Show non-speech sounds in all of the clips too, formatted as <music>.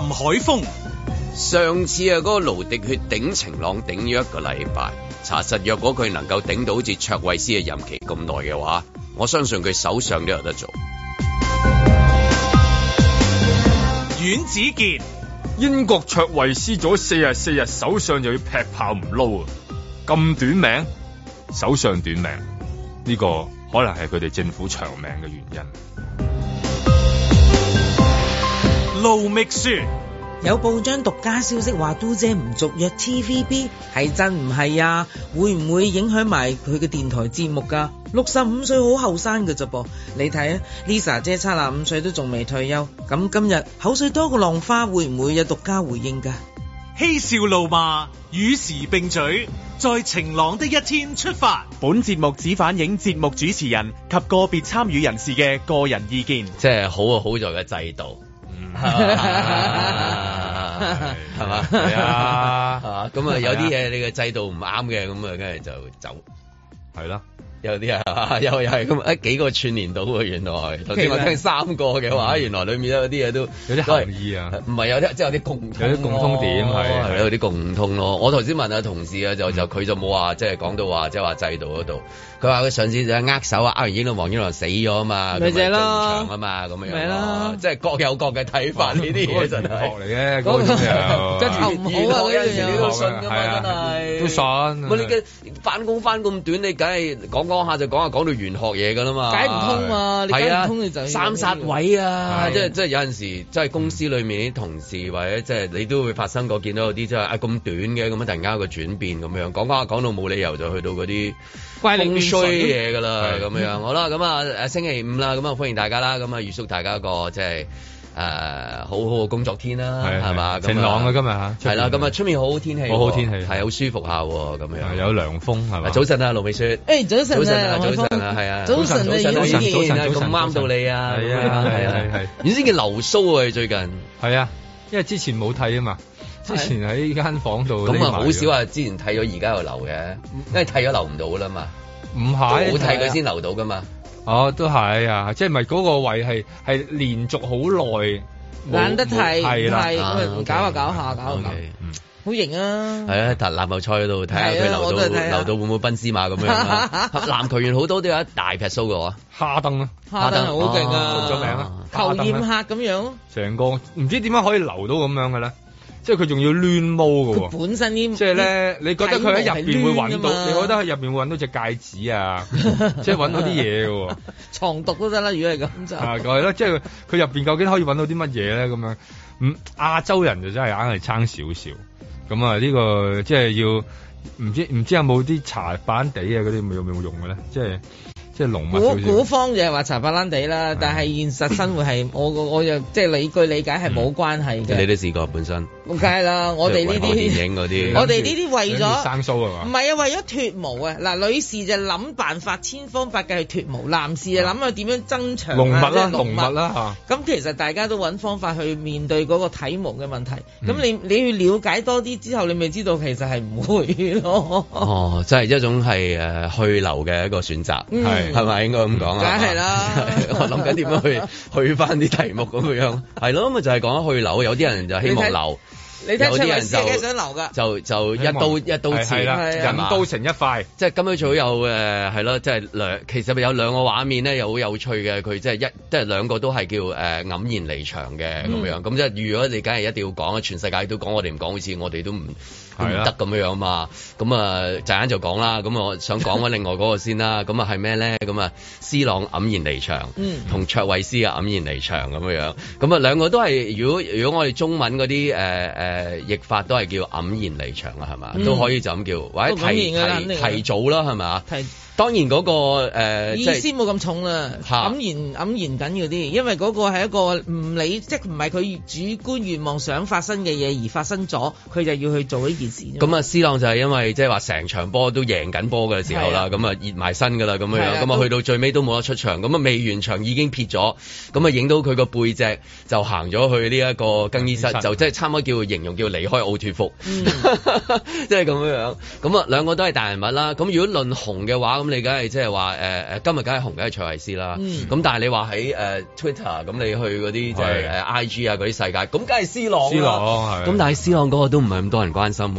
林海峰，上次啊，嗰個盧迪血頂晴朗頂咗一個禮拜，查實若果佢能夠頂到好似卓慧斯嘅任期咁耐嘅話，我相信佢首相都有得做。阮子健，英國卓慧斯咗四十四日，首相就要劈炮唔撈啊！咁短命，首相短命，呢個可能係佢哋政府長命嘅原因。路未舒，有報章獨家消息話，都姐唔續約 TVB 係真唔係啊？會唔會影響埋佢嘅電台節目噶、啊？六十五歲好後生㗎咋噃，你睇 Lisa 姐七十五歲都仲未退休，咁今日口水多過浪花，會唔會有獨家回應噶？嬉笑怒罵，與時並嘴，在晴朗的一天出發。本節目只反映節目主持人及個別參與人士嘅個人意見，即係好啊！好在嘅制度。係 <laughs> 嘛、啊，係 <laughs> 嘛，係嘛，咁啊 <laughs> 有啲嘢你嘅制度唔啱嘅，咁啊跟住就走，係咯，有啲啊，又又係咁，一幾個串聯到喎，原來頭先我聽三個嘅話，原來裡面有啲嘢都有啲含義啊，唔係有啲即係有啲共通有啲共通點，係、嗯、有啲共通咯。我頭先問阿同事啊、嗯，就就佢就冇話即係講到話即係話制度嗰度。佢話佢上次就握手握英英就啊，握手完之後黃英龍死咗啊嘛，咪就係正常啊嘛，咁樣，咪、啊、啦，即係各有各嘅睇法，呢啲嘢真係學嚟嘅、那個，跟住唔好啊，有陣時都信㗎嘛，真係都信。你嘅翻工翻咁短，你梗係講講下就講下，講到玄學嘢㗎啦嘛，解唔通啊，你解唔通你就三煞位啊，即係即係有陣時即係、就是、公司裏面啲同事、嗯、或者即係你都會發生過見到啲即係啊咁短嘅咁樣，突然間有個轉變，咁樣講講下，講到冇理由就去到嗰啲怪追嘢噶啦，咁、嗯、樣好啦，咁啊星期五啦，咁啊歡迎大家啦，咁啊預祝大家個個即係誒好好嘅工作天啦、啊，係嘛？晴朗今啊今日吓，係、啊、啦，咁啊出面好天氣、啊、好天氣、啊，好好天氣，係好舒服下、啊、咁、嗯、樣，啊、有涼風係咪？早晨啊盧美雪，誒早晨，早晨啊早晨啊係啊，早晨啊早晨啊咁啱到你啊，係啊係啊係，唔知叫留鬚啊最近，係啊，因為之前冇剃啊嘛，之前喺間房度，咁啊好少啊，之前剃咗而家又留嘅，因為剃咗留唔到啦嘛。早唔係、啊，好睇佢先留到噶嘛？哦，都係啊，即係咪嗰個位係係連續好耐，懶得睇係啦，啊、是不是不搞下搞下搞下，好型啊！係、okay, okay, 嗯、啊，但男籃球賽嗰度睇下佢留到、啊、留到會唔會賓斯馬咁樣、 <laughs> 啊、藍籃球員好多都有一大撇鬚嘅喎，哈登啊，哈登好勁啊，出咗名啊，球宴客咁樣，成個唔知點解可以留到咁樣嘅咧。即係佢仲要攣毛㗎喎，本身呢，即係咧，你覺得佢喺入面會揾到？你覺得喺入面會揾到隻戒指啊？ <laughs> 即係揾到啲嘢㗎喎，藏 <laughs> 毒都得啦。如果係咁就係咯，即係佢入面究竟可以揾到啲乜嘢咧？咁樣，亞洲人就真係硬係撐少少。咁啊，呢個即係要唔知唔知有冇啲茶板地啊嗰啲有冇用嘅咧？即係。即係古古方就係話查法蘭地啦，但係現實生活係、嗯、我我我又即係理據理解係冇關係嘅、嗯。你都試過本身。梗係啦， <laughs> 我哋呢啲。影嗰啲。我哋呢啲為咗生唔係啊，為咗脱毛啊！嗱、啊，女士就諗辦法千方百計去脱毛，男士就諗佢點樣增長、啊。濃密啦，濃密啦。咁其實大家都揾方法去面對嗰個體毛嘅問題。咁、嗯、你你去了解多啲之後，你咪知道其實係唔會咯。哦，即係一種係誒去留嘅一個選擇，嗯係咪應該咁講啊？梗係啦， <laughs> 我諗緊點樣去去翻啲題目咁樣。係 <laughs> 咯，咁咪就係、是、講去留，有啲人就希望留。你聽想留，有啲人就就就一刀一刀切，揞刀成一塊。即係今日早有誒係咯，即係兩其實咪有兩個畫面咧，又好有趣嘅。佢即係一即係兩個都係叫誒、呃、黯然離場嘅咁、嗯、樣。咁即係如果你梗係一定要講，全世界都講，我講，我哋唔講好似我哋都唔唔得咁樣嘛。咁啊，陣間就講啦。咁我想講翻另外嗰個先啦。咁啊係咩咧？咁啊，斯朗黯然離場，嗯，同卓慧思啊黯然離場咁樣。咁啊兩個都係如果如果我哋中文啲誒誒。呃呃，譯法都係叫黯然離場啦，係嘛、嗯、都可以就咁叫，或者提提,提早啦，係嘛？提當然嗰、那個呃意思冇、就、咁、是、重啦、啊，黯然黯然緊要啲，因為嗰個係一個唔理即係唔係佢主觀願望想發生嘅嘢而發生咗，佢就要去做呢件事。咁啊 C 朗就係因為即係話成場波都贏緊波嘅時候啦，咁啊熱埋身㗎啦，咁、啊、樣，咁啊去到最尾都冇得出場，咁啊未完場已經撇咗，咁啊影到佢個背脊就行咗去呢一個更衣室，嗯、就即係差唔多叫形容叫離開奧脫福，即係咁樣樣。咁啊，兩個都係大人物啦。咁如果論紅嘅話，咁你梗係即係話誒誒，今日梗係紅，梗係卓慧思啦。咁、嗯、但係你話喺誒 Twitter，咁你去嗰啲就係、是、誒、呃、IG 啊嗰啲世界，咁梗係 C 朗朗咁，但係 C 朗嗰個都唔係咁多人關心、啊。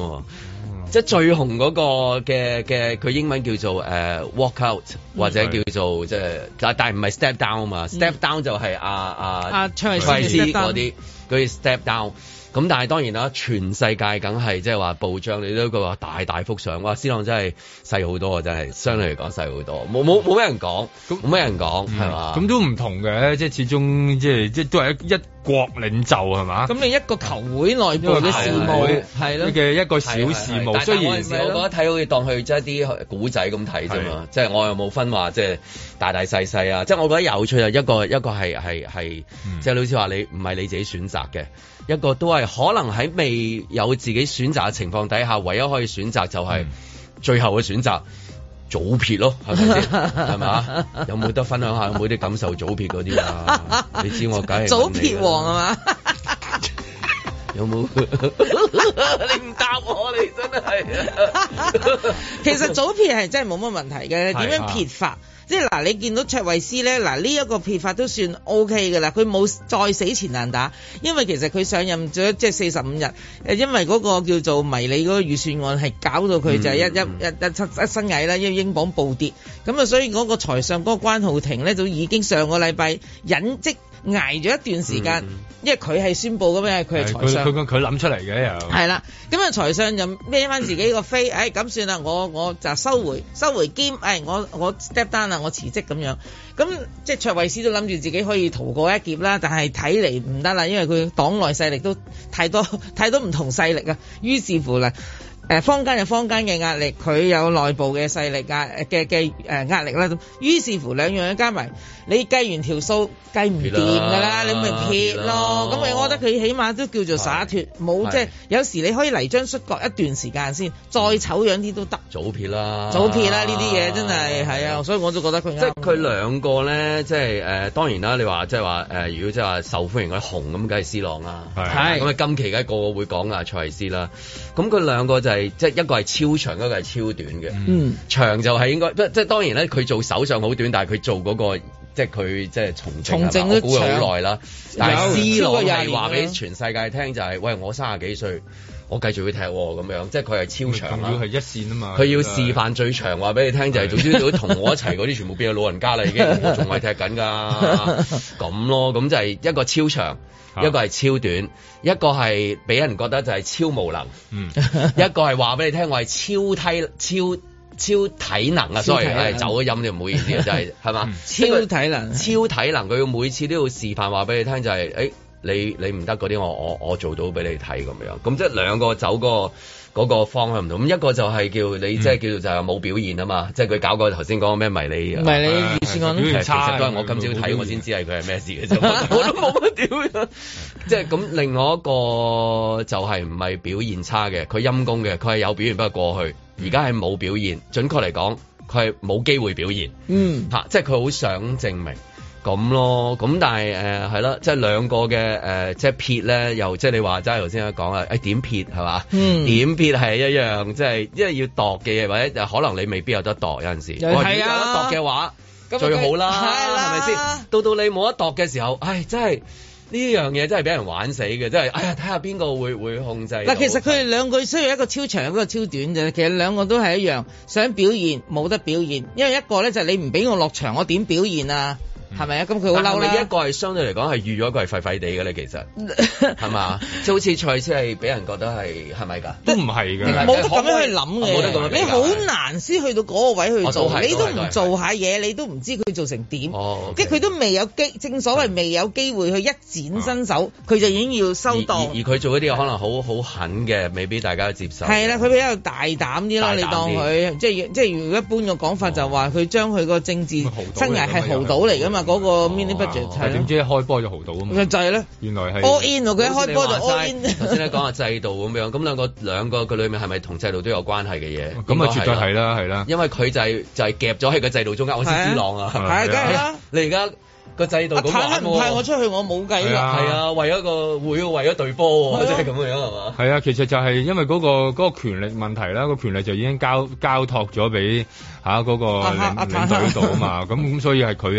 嗯、即係最紅嗰個嘅嘅，佢英文叫做誒、呃、Walk Out、嗯、或者叫做即係但係唔係 Step Down 嘛、嗯？Step Down 就係阿阿阿卓慧思嗰啲嗰啲 Step Down。咁但係當然啦，全世界梗係即係話暴漲你都話大大幅上。哇！思朗真係細好多啊，真係相對嚟講細好多，冇冇冇咩人講，冇、嗯、咩人講係嘛？咁、嗯嗯、都唔同嘅，即係始終即係即都係一國領袖係嘛？咁你一個球會內部嘅事務，係咯嘅一個小事務。雖然大大我覺得睇好似當佢即係啲古仔咁睇啫嘛，即係我又冇分話即係大大細細啊。即係我覺得有趣啊，一個一個係係係，即係好似話你唔係你自己選擇嘅。一個都係可能喺未有自己選擇嘅情況底下，唯一可以選擇就係最後嘅選擇，早撇咯，係咪先？係 <laughs> 嘛？有冇得分享下有冇啲感受早撇嗰啲啊？ <laughs> 你知我梗係早撇王係、啊、嘛？ <laughs> 有冇？ <laughs> 你唔答我，你真係。 <laughs> <laughs> 其實早撇係真係冇乜問題嘅，點 <laughs> 樣撇法？即係嗱，你見到卓慧思咧，嗱呢一個撇法都算 O K 嘅啦。佢冇再死纏爛打，因為其實佢上任咗即係四十五日，因為嗰個叫做迷你嗰個預算案係搞到佢就係一 <laughs> 一一一出一身蟻啦，因為英鎊暴跌。咁啊，所以嗰個財相嗰個關浩庭咧，就已經上個禮拜引職。即挨咗一段時間，嗯、因為佢係宣布嘅咩，佢係財相，佢佢佢諗出嚟嘅又，係啦，咁啊財相就孭翻自己個飛，誒咁、 <coughs> 哎、算啦，我我就收回收回兼，誒、哎、我我 step down 啦，我辭職咁樣，咁即係卓慧思都諗住自己可以逃過一劫啦，但係睇嚟唔得啦，因為佢黨內勢力都太多太多唔同勢力啊，於是乎啦。誒，坊間有坊間嘅壓力，佢有內部嘅勢力壓嘅嘅誒壓力啦。咁於是乎兩樣一加埋，你計完條數計唔掂㗎啦，你咪撇咯。咁、哦、我覺得佢起碼都叫做灑脱，冇即係有時你可以嚟張疏隔一段時間先，再醜樣啲都得。早撇啦，早撇啦，呢啲嘢真係係啊，所以我都覺得佢即佢兩、嗯、個咧，即係誒、呃、當然啦。你話即係話誒，如果即係話受歡迎佢紅紅咁，梗係思朗啦。係咁啊，近期梗係個個會講啊，蔡思啦。咁佢兩個就係、是。係即係一個係超長，一個係超短嘅。嗯，長就係應該，即係當然咧，佢做首相好短，但係佢做嗰、那個，即係佢即係從從政都好耐啦。但係 C 羅係話俾全世界聽就係、是，喂我三十幾歲，我繼續會踢咁樣，即係佢係超長啦。重要係一線啊嘛，佢要示範最長話俾你聽就係、是，總之同我一齊嗰啲全部變咗老人家啦， <laughs> 你已經我仲係踢緊噶。咁 <laughs> 咯，咁就係一個超長。一個係超短，一個係俾人覺得就係超無能，嗯、 <laughs> 一個係話俾你聽我係超體超超體能啊！sorry，係走咗音你唔好意思啊，真係係嘛，超體能，超體能，佢要每次都要示範話俾你聽就係、是、誒。欸你你唔得嗰啲，我我我做到俾你睇咁樣，咁即係兩個走嗰個嗰個方向唔同，咁一個就係叫你即係、嗯即係、叫做就係冇表現啊嘛，即係佢搞過頭先講咩迷你迷你預算案差，其實都係我今朝睇我先知係佢係咩事嘅啫，我都冇乜屌，即係咁，另外一個就係唔係表現差嘅，佢陰功嘅，佢係有表現不過過去，而家係冇表現，準確嚟講，佢係冇機會表現，嗯，吓，即係佢好想證明。咁咯，咁但係誒係啦即係兩個嘅誒，即係撇咧，又、呃、即係你話齋頭先喺講啊，誒、哎、點撇係嘛？嗯，點撇係一樣，即係因為要度嘅嘢，或者可能你未必有得度。有陣時、啊，如果有得度嘅話最，最好啦，係咪先？到到你冇得度嘅時候，唉、哎，真係呢樣嘢真係俾人玩死嘅，真係，哎呀，睇下邊個會會控制嗱。其實佢哋兩個需要一個超長一個超短嘅，其實兩個都係一樣，想表現冇得表現，因為一個咧就你唔俾我落場，我點表現啊？係咪啊？咁佢好嬲呢一個係相對嚟講係預咗，一個係廢廢地嘅咧。其實係嘛？即 <laughs> 好似賽車係俾人覺得係係咪㗎？都唔係㗎，冇得咁樣去諗嘅。你好難先去到嗰個位去做。你、哦、都唔做下嘢，你都唔知佢做成點。即係佢都未有機正所謂未有機會去一展身手，佢、啊、就已經要收檔。而而佢做嗰啲可能好好狠嘅，未必大家接受。係啦，佢比較大膽啲咯。你當佢即係即係，如果一般嘅講法、哦、就話，佢將佢個政治生涯係豪賭嚟㗎嘛。嗰、那個 mini budget 制係點知一開波就豪賭啊嘛！就制、是、呢？原來係 all in 喎。佢一開波就 all in 頭先咧講下制度咁樣，咁兩個 <laughs> 兩個佢裏面係咪同制度都有關係嘅嘢？咁、哦、咪、嗯、絕對係啦，係啦。因為佢就係、是、就是、夾咗喺個制度中間，我先輸浪啊！係啊，梗係啦。你而家個制度唔派我出去，我冇計啦。係啊，啊，為咗個會，為咗對波，即係咁樣係嘛？係啊，其實就係因為嗰、那個嗰、那個權力問題啦，個權力就已經交，交託咗俾。吓、啊、嗰、那個領領導嗰度啊嘛，咁、啊、咁、啊啊啊啊啊啊啊、所以係佢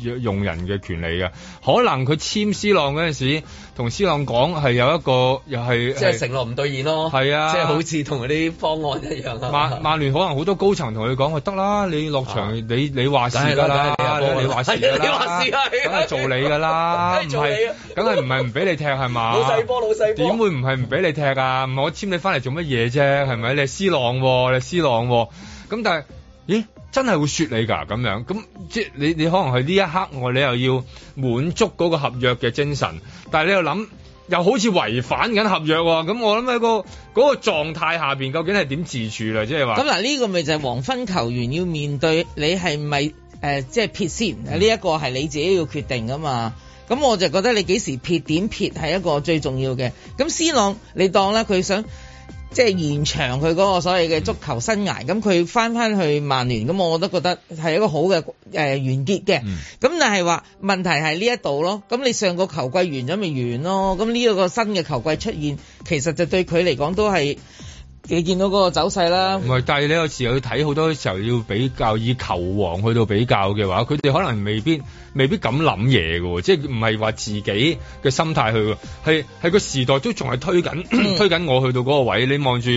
有用人嘅權利嘅，可能佢簽 C 朗嗰陣時，同 C 朗講係有一個又係即係承諾唔兌現咯，係啊，即、就、係、是、好似同啲方案一樣，曼曼聯可能好多高層同佢講話得啦，你落場你你話事㗎啦， <laughs> 你話事㗎啦，你話事係，梗係做你㗎啦，唔係梗係唔係唔俾你踢係嘛？老細波老細波，點會唔係唔俾你踢啊？唔係我簽你翻嚟做乜嘢啫？係咪你係 C 朗喎？你係 C 朗喎？咁、啊、但係。咦，真係會說你㗎咁樣，咁即係你你可能係呢一刻我你又要滿足嗰個合約嘅精神，但係你又諗又好似違反緊合約喎，咁我諗喺、個嗰、個狀態下邊，究竟係點自處啦？即係話咁嗱，呢、呢個咪就係黃昏球員要面對你係咪誒即係撇先？呢、嗯、一、個係你自己要決定噶嘛。咁我就覺得你幾時撇、點撇係一個最重要嘅。咁 C 朗，你當咧佢想。即係延長佢嗰個所謂嘅足球生涯，咁佢翻翻去曼聯，咁我都覺得係一個好嘅誒、呃、完結嘅。咁但係話問題係呢一度咯，咁你上個球季完咗咪完了咯，咁呢一個新嘅球季出現，其實就對佢嚟講都係。你見到嗰個走勢啦，唔係但係你有時候要睇好多時候要比較，以球王去到比較嘅話，佢哋可能未必未必咁諗嘢嘅喎，即係唔係話自己嘅心態去，係係個時代都仲係推緊 <coughs> 推緊我去到嗰個位。你望住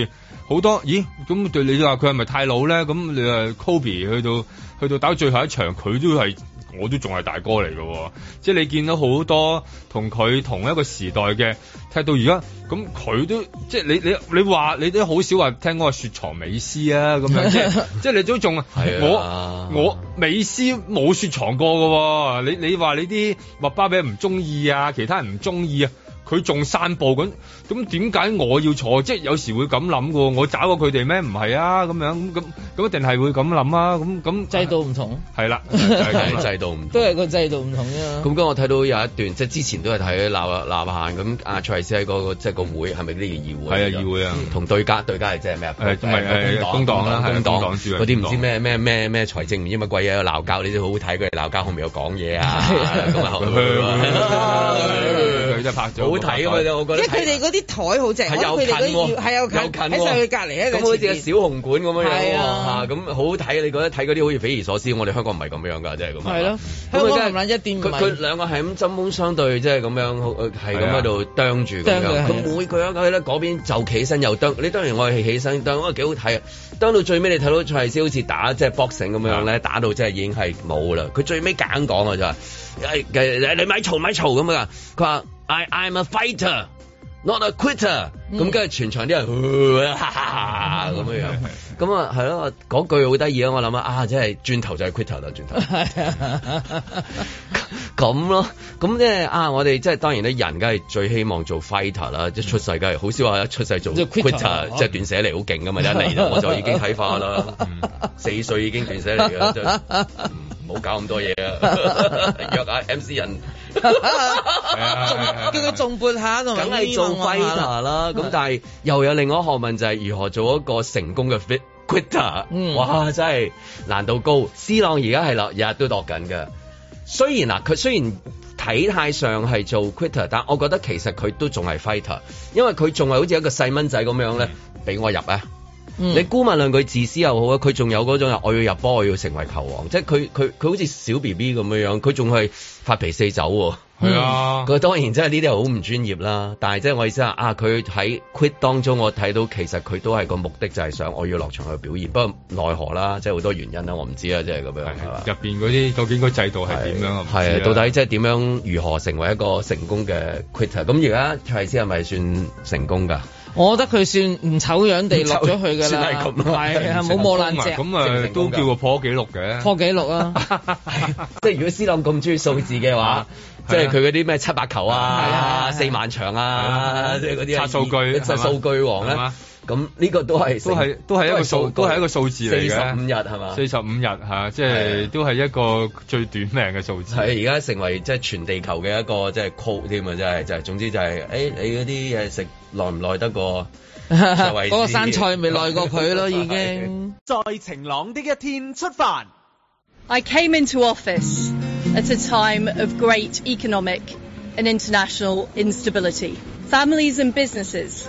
好多，咦？咁對你話佢係咪太老咧？咁你啊，Kobe 去到去到打最後一場，佢都係。我都仲係大哥嚟嘅，即係你見到好多同佢同一個時代嘅踢到而家，咁佢都即係你你你話你都好少話聽講雪藏美斯啊咁樣， <laughs> 即係你都仲 <laughs> 我我美斯冇雪藏過嘅，你你話你啲麥巴比唔中意啊，其他人唔中意啊。佢仲散步咁，咁點解我要坐？即係有時會咁諗嘅喎，我找過佢哋咩？唔係啊，咁樣咁咁一定係會咁諗啊！咁咁制度唔同，係啦，制度唔同、啊，都係個制度唔同啫。咁、啊、今日我睇到有一段，即係之前都係睇鬧鬧閒咁，阿蔡思喺個即係個會係咪呢個議會？係啊，議會啊，同對家對家係即係咩啊？係係工黨啦，工黨嗰啲唔知咩咩咩咩財政唔知乜鬼嘢鬧交，你都好好睇佢哋鬧交，後面有講嘢啊！咁啊，後拍咗，好睇啊嘛！即係佢哋嗰啲台好正，佢哋係又近喺佢隔籬一佢個小紅館咁樣樣咁、啊啊、好睇。你覺得睇嗰啲好似匪夷所思，我哋香港唔係咁樣噶，即係咁。係咯、啊，香港唔係一佢佢兩個係咁針鋒相對，即係咁樣，係咁喺度啄住咁樣。佢、啊、每佢咧嗰邊就企身又啄，你當然我係起身啄，哇幾好睇啊！啄到最尾你睇到蔡慧思好似打即係、就是就是、boxing 咁樣咧，啊、打到即係已經係冇啦。佢最尾揀講啊，就係、是。哎、你咪嘈咪嘈咁啊！佢話 I I'm a fighter, not a quitter、嗯。咁跟住全場啲人哈哈哈咁樣樣。咁 <laughs> 啊、嗯，係咯，嗰句好得意啊！我諗啊，啊，即係轉頭就係 quitter 啦，轉頭。咁 <laughs> <laughs> 咯，咁即係啊，我哋即係、啊、當然咧，人梗係最希望做 fighter 啦、嗯，即係出世梗係好少話一出世做 quitter，即係斷捨離好勁噶嘛，一 <laughs> 嚟 <laughs> 我就已經睇化啦， <laughs> 四歲已經斷捨離噶啦。 <laughs> 唔好搞咁多嘢啊！約下 MC 人 <laughs> 還， <laughs> 叫佢重半下，梗係做 fighter 啦。咁但係又有另外一項學問，就係如何做一個成功嘅 quitter？哇，真係難度高。C 浪而家係啦，日日都度緊嘅。雖然嗱，佢雖然體態上係做 fighter，但我覺得其實佢都仲係 fighter，因為佢仲係好似一個細蚊仔咁樣咧。俾我入啊！Mm. 你估問兩句自私又好啊，佢仲有嗰種人，我要入波，我要成為球王，即係佢佢佢好似小 B B 咁樣樣，佢仲係發脾四走，係啊，佢、啊嗯、當然即係呢啲好唔專業啦，但係即係我意思啊，佢喺 quit 當中，我睇到其實佢都係個目的就係、是、想我要落場去表現，不過奈何啦，即係好多原因啦，我唔知啊，即係咁樣。入邊嗰啲究竟個制度係點樣？係，到底即係點樣如何成為一個成功嘅 quitter？咁而家蔡思係咪算成功噶？我覺得佢算唔醜樣地落咗去㗎啦，係係冇磨爛隻。咁、嗯、誒、嗯啊、都叫個破紀錄嘅破紀錄啊。即 <laughs> 係如果司朗咁中意數字嘅話， <laughs> 啊、即係佢嗰啲咩七百球啊， <laughs> 啊、啊、四萬場啊，即係嗰啲。查、啊、數據，查、啊啊、數據王啦。咁、嗯、呢、這個都係都係都係一個數都係一,一個數字嚟嘅，四十五日係嘛？四十五日吓，即係、啊就是、都係一個最短命嘅數字。係而家成為即係、就是、全地球嘅一個即係酷添啊！即係就係、是，總之就係、是，誒、哎，你嗰啲嘢食耐唔耐得過？嗰 <laughs> 為止 <laughs> 個生菜未耐過佢咯， <laughs> 已經。在晴朗的一天出發。I came into office at a time of great economic and international instability. Families and businesses.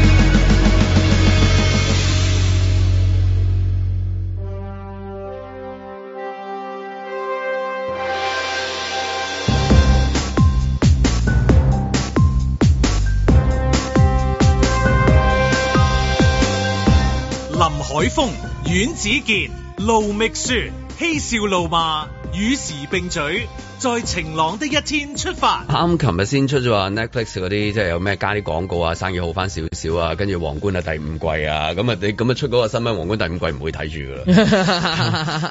海風，阮子健，盧覓雪，嬉笑怒罵，與時並舉。在晴朗的一天出發啱，嗯，琴日先出咗話 Netflix 嗰啲即係有咩加啲廣告啊，生意好翻少少啊，跟住王冠啊第五季啊，咁啊你咁啊出嗰個新聞，王冠第五季唔會睇住㗎喇，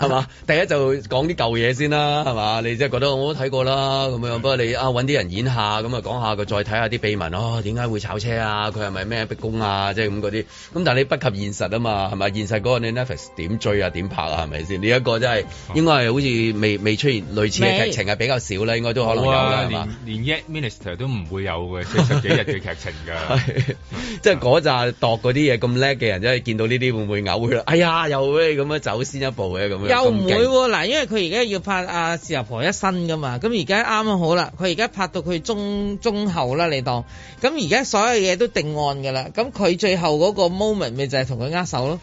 係 <laughs> 嘛？ <laughs> 第一就講啲舊嘢先啦，啊，係嘛？你即係覺得我都睇過啦，咁樣不過你啊搵啲人演下，咁啊講下佢再睇下啲秘聞啊，點、哦、解會炒車啊？佢係咪咩逼供啊？即係咁嗰啲，咁、就是、但係你不及現實啊嘛，係咪？現實嗰個你 Netflix 點追啊？點拍啊？係咪先？呢、這、一個真係應該係好似未、嗯、未，未出現類似嘅劇情啊！比較少啦，應該都可能有啦、哦。連連 Yet Minister 都唔會有嘅，十 <laughs> 十幾日嘅劇情㗎。即係嗰扎度嗰啲嘢咁叻嘅人，真係見到呢啲會唔會嘔血啊？哎呀，又會咁樣走先一步嘅咁樣又唔會嗱、啊，因為佢而家要拍阿四阿婆一身噶嘛。咁而家啱啱好啦，佢而家拍到佢中中後啦，你當。咁而家所有嘢都定案㗎啦。咁佢最後嗰個 moment 咪就係同佢握手咯。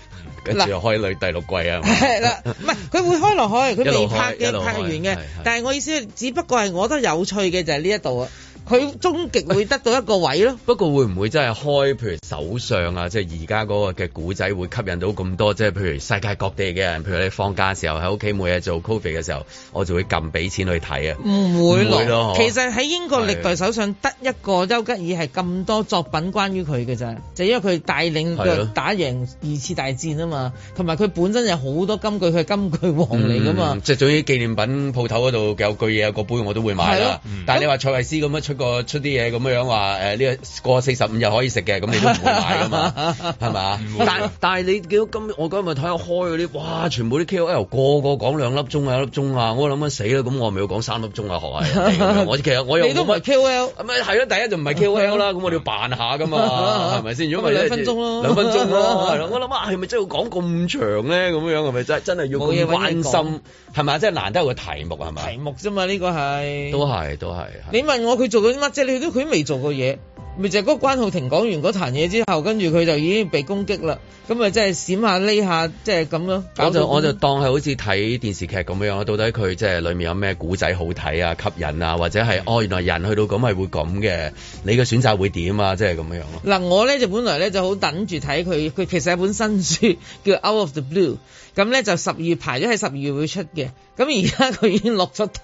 跟住又，開女第六季啊，係 <laughs> 啦，唔係佢會開落去，佢未拍嘅，拍完嘅，但係我意思，只不過係我覺得有趣嘅就係呢一度啊。佢終極會得到一個位咯。 <laughs> 不過會唔會真係開譬如首相啊？即係而家嗰個嘅古仔會吸引到咁多，即係譬如世界各地嘅人。譬如你放假嘅時候喺屋企冇嘢做 covid 嘅時候，我就會撳俾錢去睇啊。唔會咯，其實喺英國歷代首相得一個丘吉爾係咁多作品關於佢嘅啫，就因為佢帶領佢，打贏二次大戰啊嘛。同埋佢本身有好多金句，佢係金句王嚟噶嘛、嗯。即、嗯、就喺啲紀念品鋪頭嗰度有句嘢個杯我都會買啦。嗯、但係你話卓慧思咁樣出。個出啲嘢咁樣話誒呢個過四十五日可以食嘅，咁你都唔好買㗎嘛，係 <laughs> 嘛？但 <laughs> 但係你見到今我今日睇下開嗰啲，哇！全部啲 K O L 個個講兩粒鐘啊，一粒鐘啊，我諗緊死啦，咁我咪要講三粒鐘啊，學下、哎哎。我其實我又你都唔係 K O L，咪、啊、係第一就唔係 K O L 啦，咁我哋要扮下㗎嘛，係咪先？如果咪兩分鐘咯，兩分鐘咯、啊 <laughs> 啊，我諗啊，係咪真係要講咁長咧？咁樣係咪真關真係要關心係咪真係難得有個題目係咪啊？題目啫嘛，呢、這個係都係都係。你問我佢做？佢乜啫？你都佢未做過嘢，咪就係、是、嗰關浩庭講完嗰壇嘢之後，跟住佢就已經被攻擊啦。咁咪即係閃下呢下，即係咁囉。我就我就當係好似睇電視劇咁樣咯。到底佢即係裏面有咩古仔好睇啊、吸引啊，或者係哦，原來人去到咁係會咁嘅。你嘅選擇會點啊？即係咁樣咯。嗱，我咧就本來咧就好等住睇佢。佢其實係一本新書叫《Out of the Blue》。咁咧就十月排咗喺十二月會出嘅，咁而家佢已經落咗台，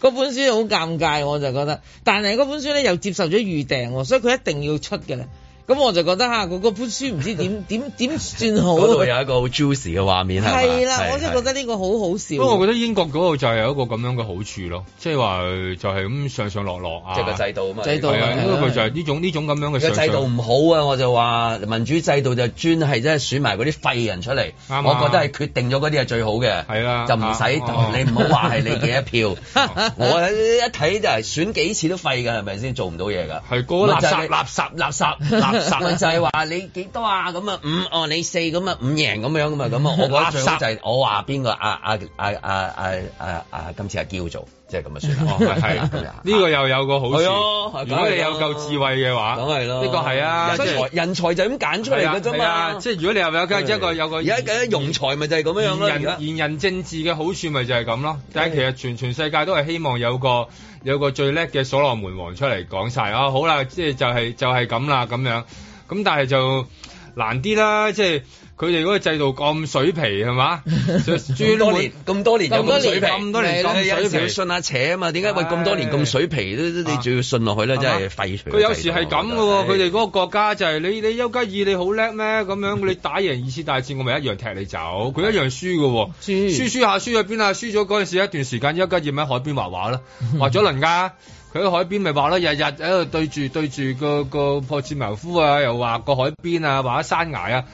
嗰本書好尷尬，我就覺得，但係嗰本書咧又接受咗預訂，所以佢一定要出嘅咧。咁我就覺得嗰、啊、本書唔知點點點算好。嗰 <laughs> 度有一個好 juicy 嘅畫面係。係啦、啊啊，我真係覺得呢個好好笑。不過、啊啊、我覺得英國嗰度就有一個咁樣嘅好處咯，即係話就係、是、咁上上落落啊。即、就、係、是、個制度咁制度因佢、啊啊啊、就係、是、呢種呢、啊、種咁、啊、樣嘅。個制度唔好啊，我就話民主制度就專係真係選埋嗰啲廢人出嚟。我覺得係決定咗嗰啲係最好嘅。係啦、啊。就唔使、啊啊、你唔好話係你嘅一票， <laughs> 我一睇就係選幾次都廢㗎，係咪先做唔到嘢㗎？係個垃圾垃圾垃圾。垃圾垃圾十 <laughs> 咪就係話你幾多啊？咁啊五哦，你四咁啊五贏咁樣，咁啊咁啊，我覺得最好就係我話邊個啊 <laughs> 啊啊啊啊啊，啊今次阿、啊、叫做。即係咁啊算啦、 <laughs> 哦，係不啦，呢、 <laughs> 這個又有個好處、啊。如果你有夠智慧嘅話，梗係咯，呢、這個係啊。人才人才就咁揀出嚟嘅啫嘛。即係、啊啊啊啊就是、如果你係咪有個一個有個有有一個對對對容才、啊，咪就係咁樣樣咯。現人政治嘅好處咪就係咁咯。但係其實全全世界都係希望有個有個最叻嘅所羅門王出嚟講晒啊！好啦，即係就係、是、就係、是、咁啦咁樣。咁但係就難啲啦，即、就、係、是。佢哋嗰個制度咁水皮係嘛？咁多年咁多年咁水皮，咁 <laughs> 多年，多年水皮信下邪啊嘛？點解喂咁多年咁水皮咧？你仲要信落去咧，真係廢佢有時係咁嘅喎。佢哋嗰個國家就係、是、你你丘吉爾你好叻咩？咁樣你打贏二次大戰，我咪一樣踢你走。佢一樣輸嘅喎，輸輸下輸咗邊啊？輸咗嗰陣時一段時間，丘吉爾喺海邊畫畫啦，畫咗輪㗎。佢喺海邊咪畫啦，日日喺度對住對住、嗰個、嗰個破鐵牛夫啊，又畫個海邊啊，畫啲山崖啊。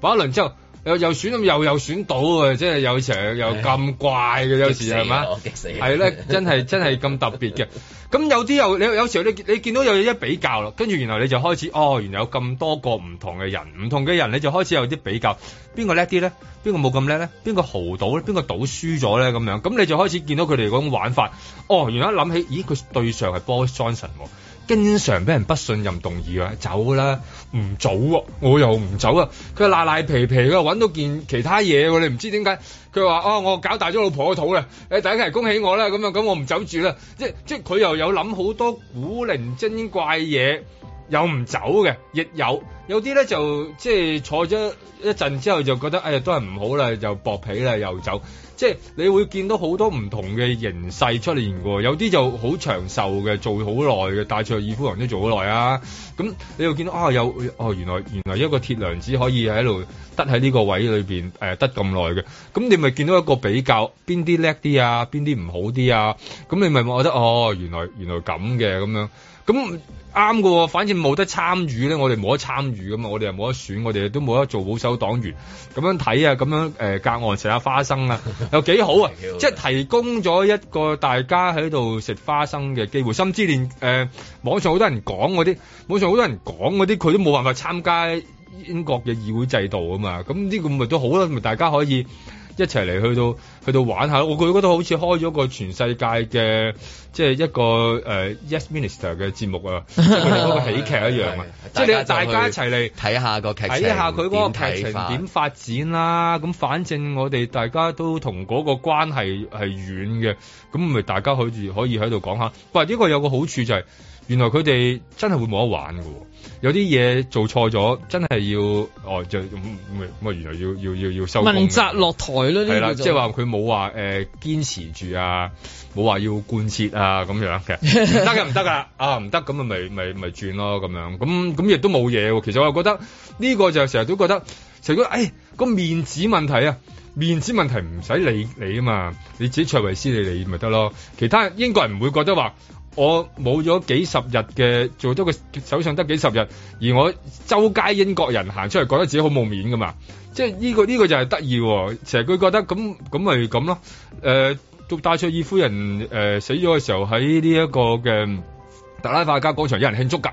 玩一輪之後，又又選咁又又選到啊！即係有時又咁怪嘅，有時係嘛？係咧， <laughs> 真係真係咁特別嘅。咁有啲又你有時候你你見到有嘢一比較咯，跟住然後你就開始哦，原來有咁多個唔同嘅人，唔同嘅人你就開始有啲比較，邊個叻啲咧？邊個冇咁叻咧？邊個豪賭咧？邊個賭輸咗咧？咁樣咁你就開始見到佢哋嗰種玩法。哦，原來一諗起，咦，佢對上係 Boss Johnson 喎、哦。經常俾人不信任動議啊，走啦！唔走喎，啊，我又唔走啊！佢賴賴皮皮㗎。搵到件其他嘢喎，你唔知點解。佢話：哦，我搞大咗老婆嘅肚咧，第一日恭喜我啦！咁啊，咁我唔走住啦！即即佢又有諗好多古靈精怪嘢。有唔走嘅，亦有有啲咧就即係坐咗一陣之後，就覺得哎呀都係唔好啦，就薄皮啦，又走。即係你會見到好多唔同嘅形勢出嚟喎，有啲就好長壽嘅，做好耐嘅，戴卓爾夫人都做好耐啊。咁你又見到啊、哦、有哦，原來原來一個鐵娘子可以喺度得喺呢個位置裏邊誒得咁耐嘅，咁、呃、你咪見到一個比較邊啲叻啲啊，邊啲唔好啲啊？咁你咪覺得哦，原來原來咁嘅咁樣。咁啱㗎，反正冇得參與咧，我哋冇得參與㗎嘛，我哋又冇得選，我哋都冇得做保守黨員，咁樣睇啊，咁樣誒、呃、隔岸食下花生啊， <laughs> 又幾好啊！ <laughs> 即係提供咗一個大家喺度食花生嘅機會，甚至連誒網上好多人講嗰啲，網上好多人講嗰啲，佢都冇辦法參加英國嘅議會制度啊嘛，咁呢個咪都好咯、啊，咪大家可以。一齊嚟去到去到玩下，我覺得好似開咗個全世界嘅即係一個誒、呃、Yes Minister 嘅節目啊，佢哋嗰個喜劇一樣啊！即 <laughs> 係、就是、你大家，大家一齊嚟睇下個劇睇下佢嗰個劇情點發展啦、啊。咁反正我哋大家都同嗰個關係係遠嘅，咁咪大家可以可以喺度講下。喂，呢個有個好處就係、是、原來佢哋真係會冇得玩㗎。有啲嘢做錯咗，真係要哦，就咁咁啊，原來要要要要問責落台咯，係啦，即係話佢冇話誒堅持住啊，冇話要貫徹啊咁樣嘅，得嘅唔得噶啊，唔得咁咪咪咪轉咯咁樣，咁咁亦都冇嘢喎。其實我覺得呢個就成日都覺得，除咗誒個面子問題啊，面子問題唔使理你啊嘛，你自己卓慧思你理咪得咯，其他英國人唔會覺得話。我冇咗幾十日嘅做咗個首相得幾十日，而我周街英國人行出嚟覺得自己好冇面噶嘛，即係、這、呢個呢、這個就係得意喎。其實佢覺得咁咁咪咁咯。誒，大、呃、戴卓爾夫人誒、呃、死咗嘅時候，喺呢一個嘅、呃、特拉法加廣場有人慶祝㗎，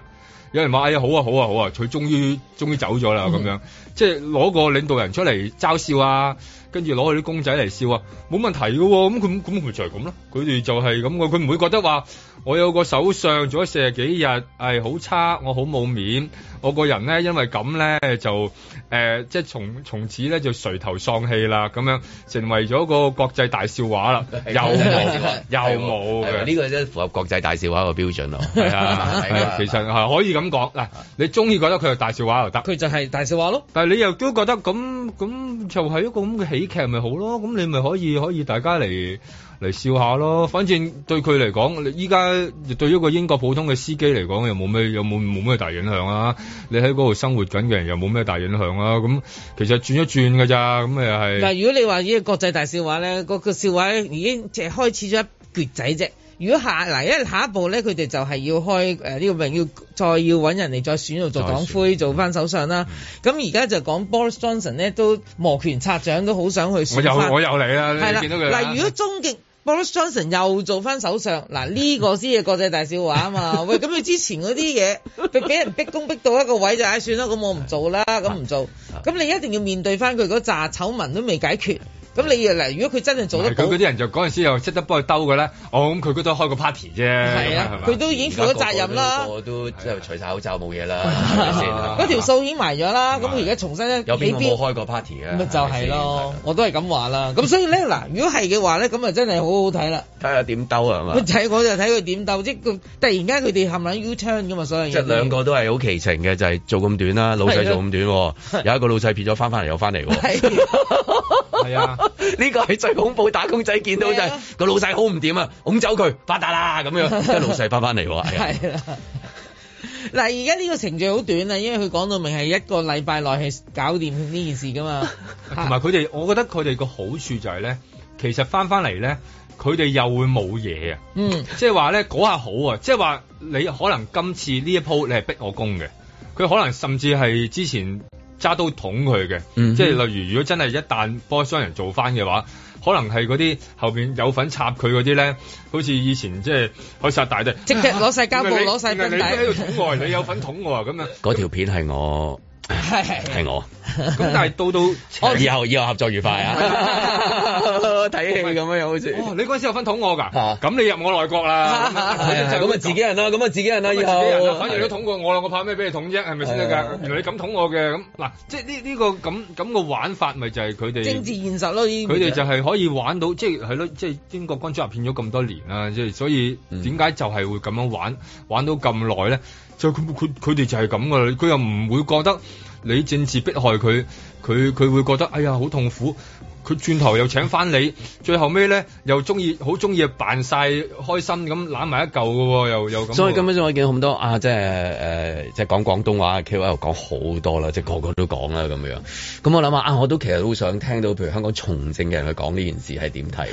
有人話哎呀好啊好啊好啊，佢終於終於走咗啦咁樣，嗯、即係攞個領導人出嚟嘲笑啊！跟住攞佢啲公仔嚟笑啊，冇問題嘅喎、哦。咁佢咁咁佢就係咁咯，佢哋就係咁嘅。佢唔會覺得話我有個首相做咗四十幾日係好差，我好冇面，我個人咧因為咁咧就誒、呃、即係從從此咧就垂頭喪氣啦，咁樣成為咗個國際大笑話啦。又冇又冇嘅，呢個真符合國際大笑話嘅標準咯、啊 <laughs> 啊啊啊。其實係、 <laughs> 啊、可以咁講嗱，你中意覺得佢係大笑話又得，佢就係大笑話咯。但係你又都覺得咁咁就係一個咁嘅起。劇咪好咯，咁你咪可以可以大家嚟嚟笑下咯。反正對佢嚟講，你依家對於一個英國普通嘅司機嚟講，又冇咩，又冇冇咩大影響啊。你喺嗰度生活緊嘅人又冇咩大影響啊。咁、嗯、其實轉一轉噶咋，咁又係。但係如果你話呢個國際大笑話咧，嗰、嗰個笑話已經即係開始咗一橛仔啫。如果下嗱，因為下一步咧，佢哋就係要開誒呢個名，要再要搵人嚟再選做做黨魁，做翻首相啦。咁而家就講 Boris Johnson 咧，都磨拳擦掌，都好想去選翻。我又我又嚟啦，係啦。嗱、啊啊，如果終極 Boris Johnson 又做翻首相，嗱、啊、呢、這個先係國際大笑話啊嘛。 <laughs> 喂，咁佢之前嗰啲嘢被俾人逼供逼到一個位就唉、哎，算啦，咁我唔做啦，咁唔做。咁、啊、你一定要面對翻佢嗰紮醜聞都未解決。咁你嗱，如果佢真係做得，佢嗰啲人就嗰陣時又識得幫佢兜嘅咧。哦，咁佢嗰度開個 party 啫。係啊，佢都已經負咗責任啦。我都即係除晒口罩冇嘢啦。嗰 <laughs> 對吧 <laughs> 條數已經埋咗啦。咁而家重新咧，有邊個冇開過 party、就是、啊？咁就係咯，我都係咁話啦。咁、啊、所以咧，嗱、啊，如果係嘅話咧，咁 <laughs> 啊真係好好睇啦。睇下點兜係嘛？睇我就睇佢點兜，即佢突然間佢哋冚撚 U turn 噶嘛，所有嘢。即兩個都係好奇情嘅，就係、是、做咁短啦、啊。老細做咁短、啊，有一個老細撇咗返返嚟又返嚟喎。係啊。 <laughs> <laughs> <laughs> 呢 <laughs> 個係最恐怖，打工仔見到就個、是、老細好唔掂啊，拱走佢，發達啦咁樣，即係老細翻翻嚟。係啦，嗱，而家呢個程序好短啊，因為佢講到明係一個禮拜內係搞掂呢件事噶嘛。同埋佢哋，我覺得佢哋個好處就係、是、咧，其實翻翻嚟咧，佢哋又會冇嘢啊。嗯，即係話咧，嗰下好啊，即係話你可能今次呢一鋪你係逼我供嘅，佢可能甚至係之前。揸刀捅佢嘅，即係例如如果真係一旦幫商人做翻嘅話，可能係嗰啲後邊有份插佢嗰啲咧，好似以前即係開殺大隊，即刻攞晒膠布，攞晒冰袋。啊啊、你喺度捅我， <laughs> 你有份捅我啊！咁樣嗰條片係我。係我咁， <laughs> 但係到到以後以後合作愉快 <laughs> 好、哦、你啊！睇戲咁樣又好似，你嗰陣時有分捅我噶，咁你入我內閣啦，咁 <laughs> 啊 <laughs> 自己人啦，咁啊自己人啦， <laughs> 以後反正都捅過我啦，我怕咩俾你捅啫，係咪先得噶？原來你咁捅我嘅咁嗱，即係呢呢個咁咁、這個這個這個玩法咪就係佢哋政治現實咯，佢哋就係可以玩到， <laughs> 即係係咯，即係英國軍裝入騙咗咁多年啦，即係所以點解就係會咁樣玩、嗯、玩到咁耐咧？就佢佢佢哋就係咁噶啦，佢又唔會覺得你政治迫害佢，佢佢會覺得哎呀，好痛苦。佢轉頭又請翻你，最後尾咧又中意好中意扮晒開心咁攬埋一嚿嘅喎，又又咁。所以根本上我見到咁多啊！即係誒、呃，即係講廣東話 K 位又講好多啦，即係個個都講啦咁樣。咁我諗下啊，我都其實好想聽到，譬如香港從政嘅人去講呢件事係點睇，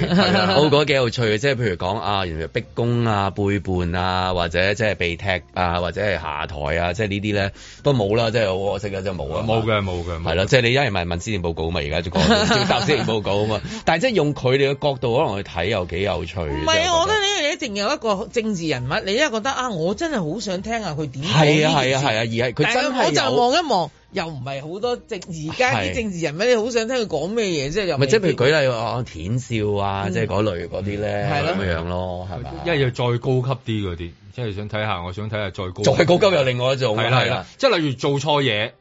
我覺得幾有趣嘅。即係譬如講啊，原來逼宮啊、背叛啊，或者即係被踢啊，或者係下台啊，即係呢啲咧都冇啦，即係好可惜嘅，即冇啊，冇嘅冇嘅，係啦，即係你一係咪問施政報告啊嘛，而家就講 <laughs> 冇講啊嘛，但係即係用佢哋嘅角度，可能去睇又幾有趣。唔係啊，我覺得呢樣嘢一定有一個政治人物，你依家覺得啊，我真係好想聽下佢點講。係啊係啊係啊，而係佢真係我就望一望，又唔係好多政而家啲政治人物，你好想聽佢講咩嘢？啊啊嗯，即係又唔係即係譬如舉例啊，田少、嗯、啊，即係嗰類嗰啲咧，咁樣咯，係、啊、因一係再高級啲嗰啲，即係想睇下，我想睇下再高再高級又另外一種係啦、啊啊啊啊，即係例如做錯嘢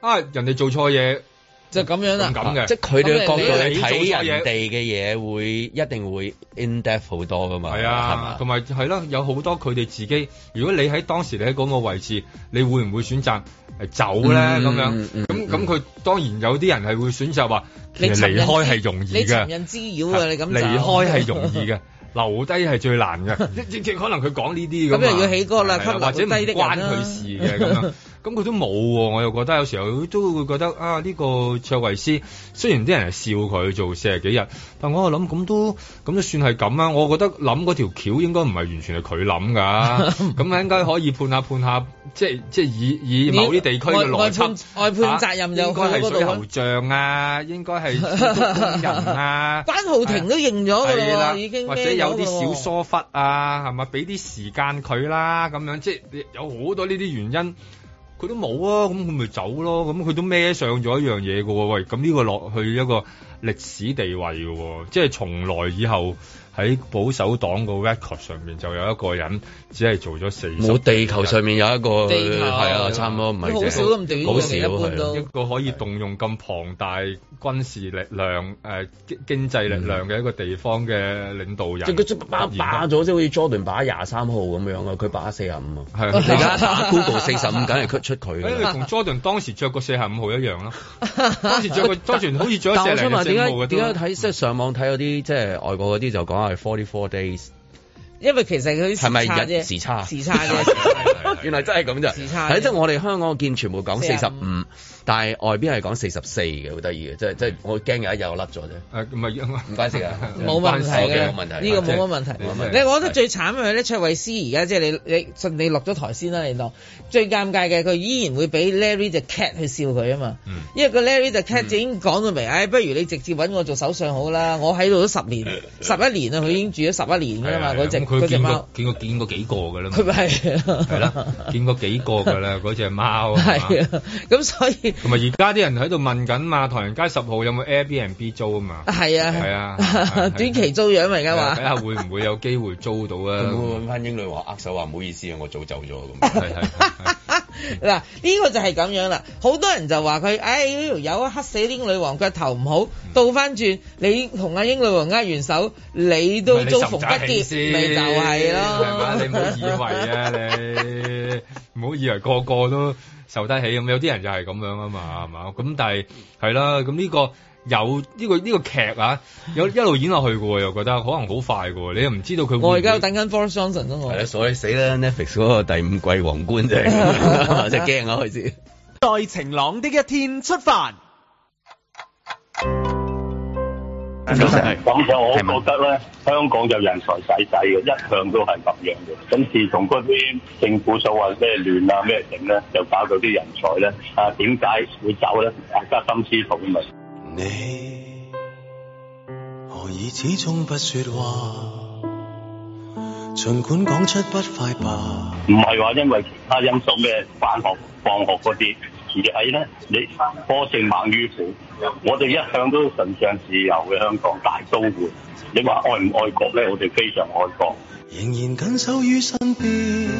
啊，人哋做錯嘢。即係咁樣嘅、啊，即係佢哋嘅角度你睇、啊、人哋嘅嘢，會一定會 in depth 好多噶嘛。係啊，同埋係咯，有好多佢哋自己。如果你喺當時，你喺嗰個位置，你會唔會選擇走咧？咁、嗯、樣咁咁，佢、嗯嗯、當然有啲人係會選擇話，其實離開係容易嘅。人滋擾啊！你咁離開係容易嘅， <laughs> 留低係最難嘅。只 <laughs> 可能佢講呢啲咁咁又要起歌啦、啊，或者唔關佢事嘅咁啊。 <laughs> 咁佢都冇喎、哦，我又覺得有時候都會覺得啊，呢、呢個卓維斯雖然啲人係笑佢做四十幾日，但我又諗咁都咁都算係咁啊！我覺得諗嗰條橋應該唔係完全係佢諗㗎，咁 <laughs> 應該可以判下判下，即係即係以以某啲地區嘅邏輯外外判、啊判，外判責任又去嗰應該係水喉匠啊，應該係、啊、 <laughs> 人啊，關 <laughs> 浩庭都認咗佢啦、啊哎，已經或者有啲小疏忽啊，係咪俾啲時間佢啦？咁樣即係有好多呢啲原因。佢都冇啊，咁佢咪走咯，咁佢都孭上咗一樣嘢嘅喎，喂，咁呢個落去一個歷史地位嘅喎，即係從來以後喺保守黨個 record 上面就有一個人。只係做咗四十。冇地球上面有一個，係啊，啊，差唔多唔係。好少咁短嘅，少一般，啊啊、一個可以動用咁龐大軍事力量，誒、呃、經濟濟力量嘅一個地方嘅領導人。即係佢把咗，即係好似 Jordan 把廿三號咁樣號啊！佢把四十五。係啊，而家打 Google 四十五，梗係出佢。誒，同 Jordan 當時着過四十五號一樣咯。當時着過 Jordan 好似着咗四十五號嘅。點解睇即係上網睇嗰啲，即係外國嗰啲就講係 Forty Four Days。因為其實佢係咪日時差？時差嘅， <laughs> 原來真係咁咋。時 <laughs> 差，係即係我哋香港見全部講四十五。但係外邊係講四十四嘅，好得意嘅，即係即係我驚有一日我甩咗啫。唔係唔關事啊，冇問題冇問題。呢個冇乜問題你。你我覺得最慘嘅係咧，卓慧思而家即係你你順利落咗台先啦、啊，你當最尷尬嘅佢依然會俾 Larry 隻 cat 去笑佢啊嘛、嗯。因為嗰個 Larry 隻 cat、嗯、已經講到明，誒、哎、不如你直接揾我做首相好啦，我喺度都十年 <laughs> 十一年啦，佢已經住咗十一年㗎啦嘛，嗰隻嗰隻貓見過貓見過幾個㗎啦。佢係係啦，見過幾個㗎啦，嗰隻貓係啊，咁、 <laughs> <laughs> 啊啊 <laughs> 啊、所以。同埋而家啲人喺度問緊嘛，唐人街十號有冇 Airbnb 租啊嘛？係啊，係啊，啊，啊，短期租樣嚟噶嘛？睇下、啊、會唔會有機會租到啊？會唔會搵翻英女王握手話：「唔好意思啊，我早走咗咁。係 <laughs> 嗱是、啊，呢 <laughs> <laughs> 個就係咁樣啦。好多人就話佢，唉、哎，有啊，黑死英女王腳頭唔好，倒翻轉你同阿英女王握完手，你都租逢不事，你， <laughs> 吉杰 <laughs> 你就係咯。你唔好以為啊，你唔好 <laughs> 以為個個都。受得起咁、啊，這個，有啲人就係咁樣啊嘛，係、這、嘛、個？咁但係係啦，咁呢個有呢個呢個劇啊，有一路演落去嘅又覺得可能好快嘅，你又唔知道佢會會。我而家等緊 Forest Johnson 啊！係啊，所以死啦 Netflix 嗰個第五季王冠啫，即係驚啊開始。在晴朗的一天出發。咁、嗯、就我覺得咧，香港就人才濟濟嘅，一向都係咁樣嘅。咁自從嗰啲政府所謂咩亂啊咩整咧，就搞到啲人才咧啊，點解會走咧？大家心知肚明。你何以始終不説話？儘管講出不快吧。唔係話因為其他因素咩返學放學嗰啲。而係咧，你個性猛於虎。我哋一向都崇尚自由嘅香港大都會。你話愛唔愛國咧？我哋非常愛國，仍然緊守於身邊。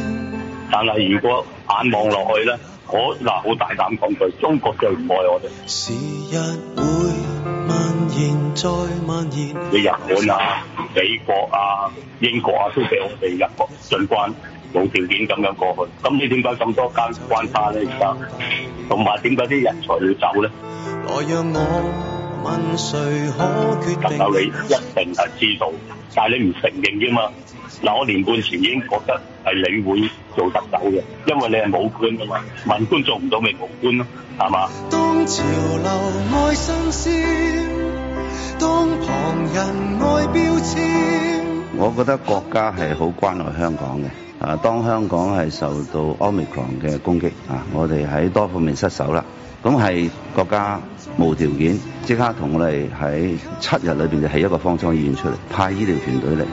但係如果眼望落去咧，我嗱好大膽講句，中國最唔愛我哋。時日會蔓延再蔓延。你日本啊、美國啊、英國啊都俾我哋入國進關。盡冇條件咁樣過去，咁你點解咁多間關卡咧？而家同埋點解啲人才要走咧？咁有你一定係知道，但係你唔承認啫嘛。嗱，我年半前已經覺得係你會做特首嘅，因為你係武官啊嘛，文官做唔到咪武官咯，係嘛？當潮流愛新鮮，當旁人愛標籤。我覺得國家係好關愛香港嘅。啊！當香港係受到 Omicron 嘅攻擊啊，我哋喺多方面失守啦。咁係國家無條件即刻同我哋喺七日裏面就起一個方艙醫院出嚟，派醫療團隊嚟。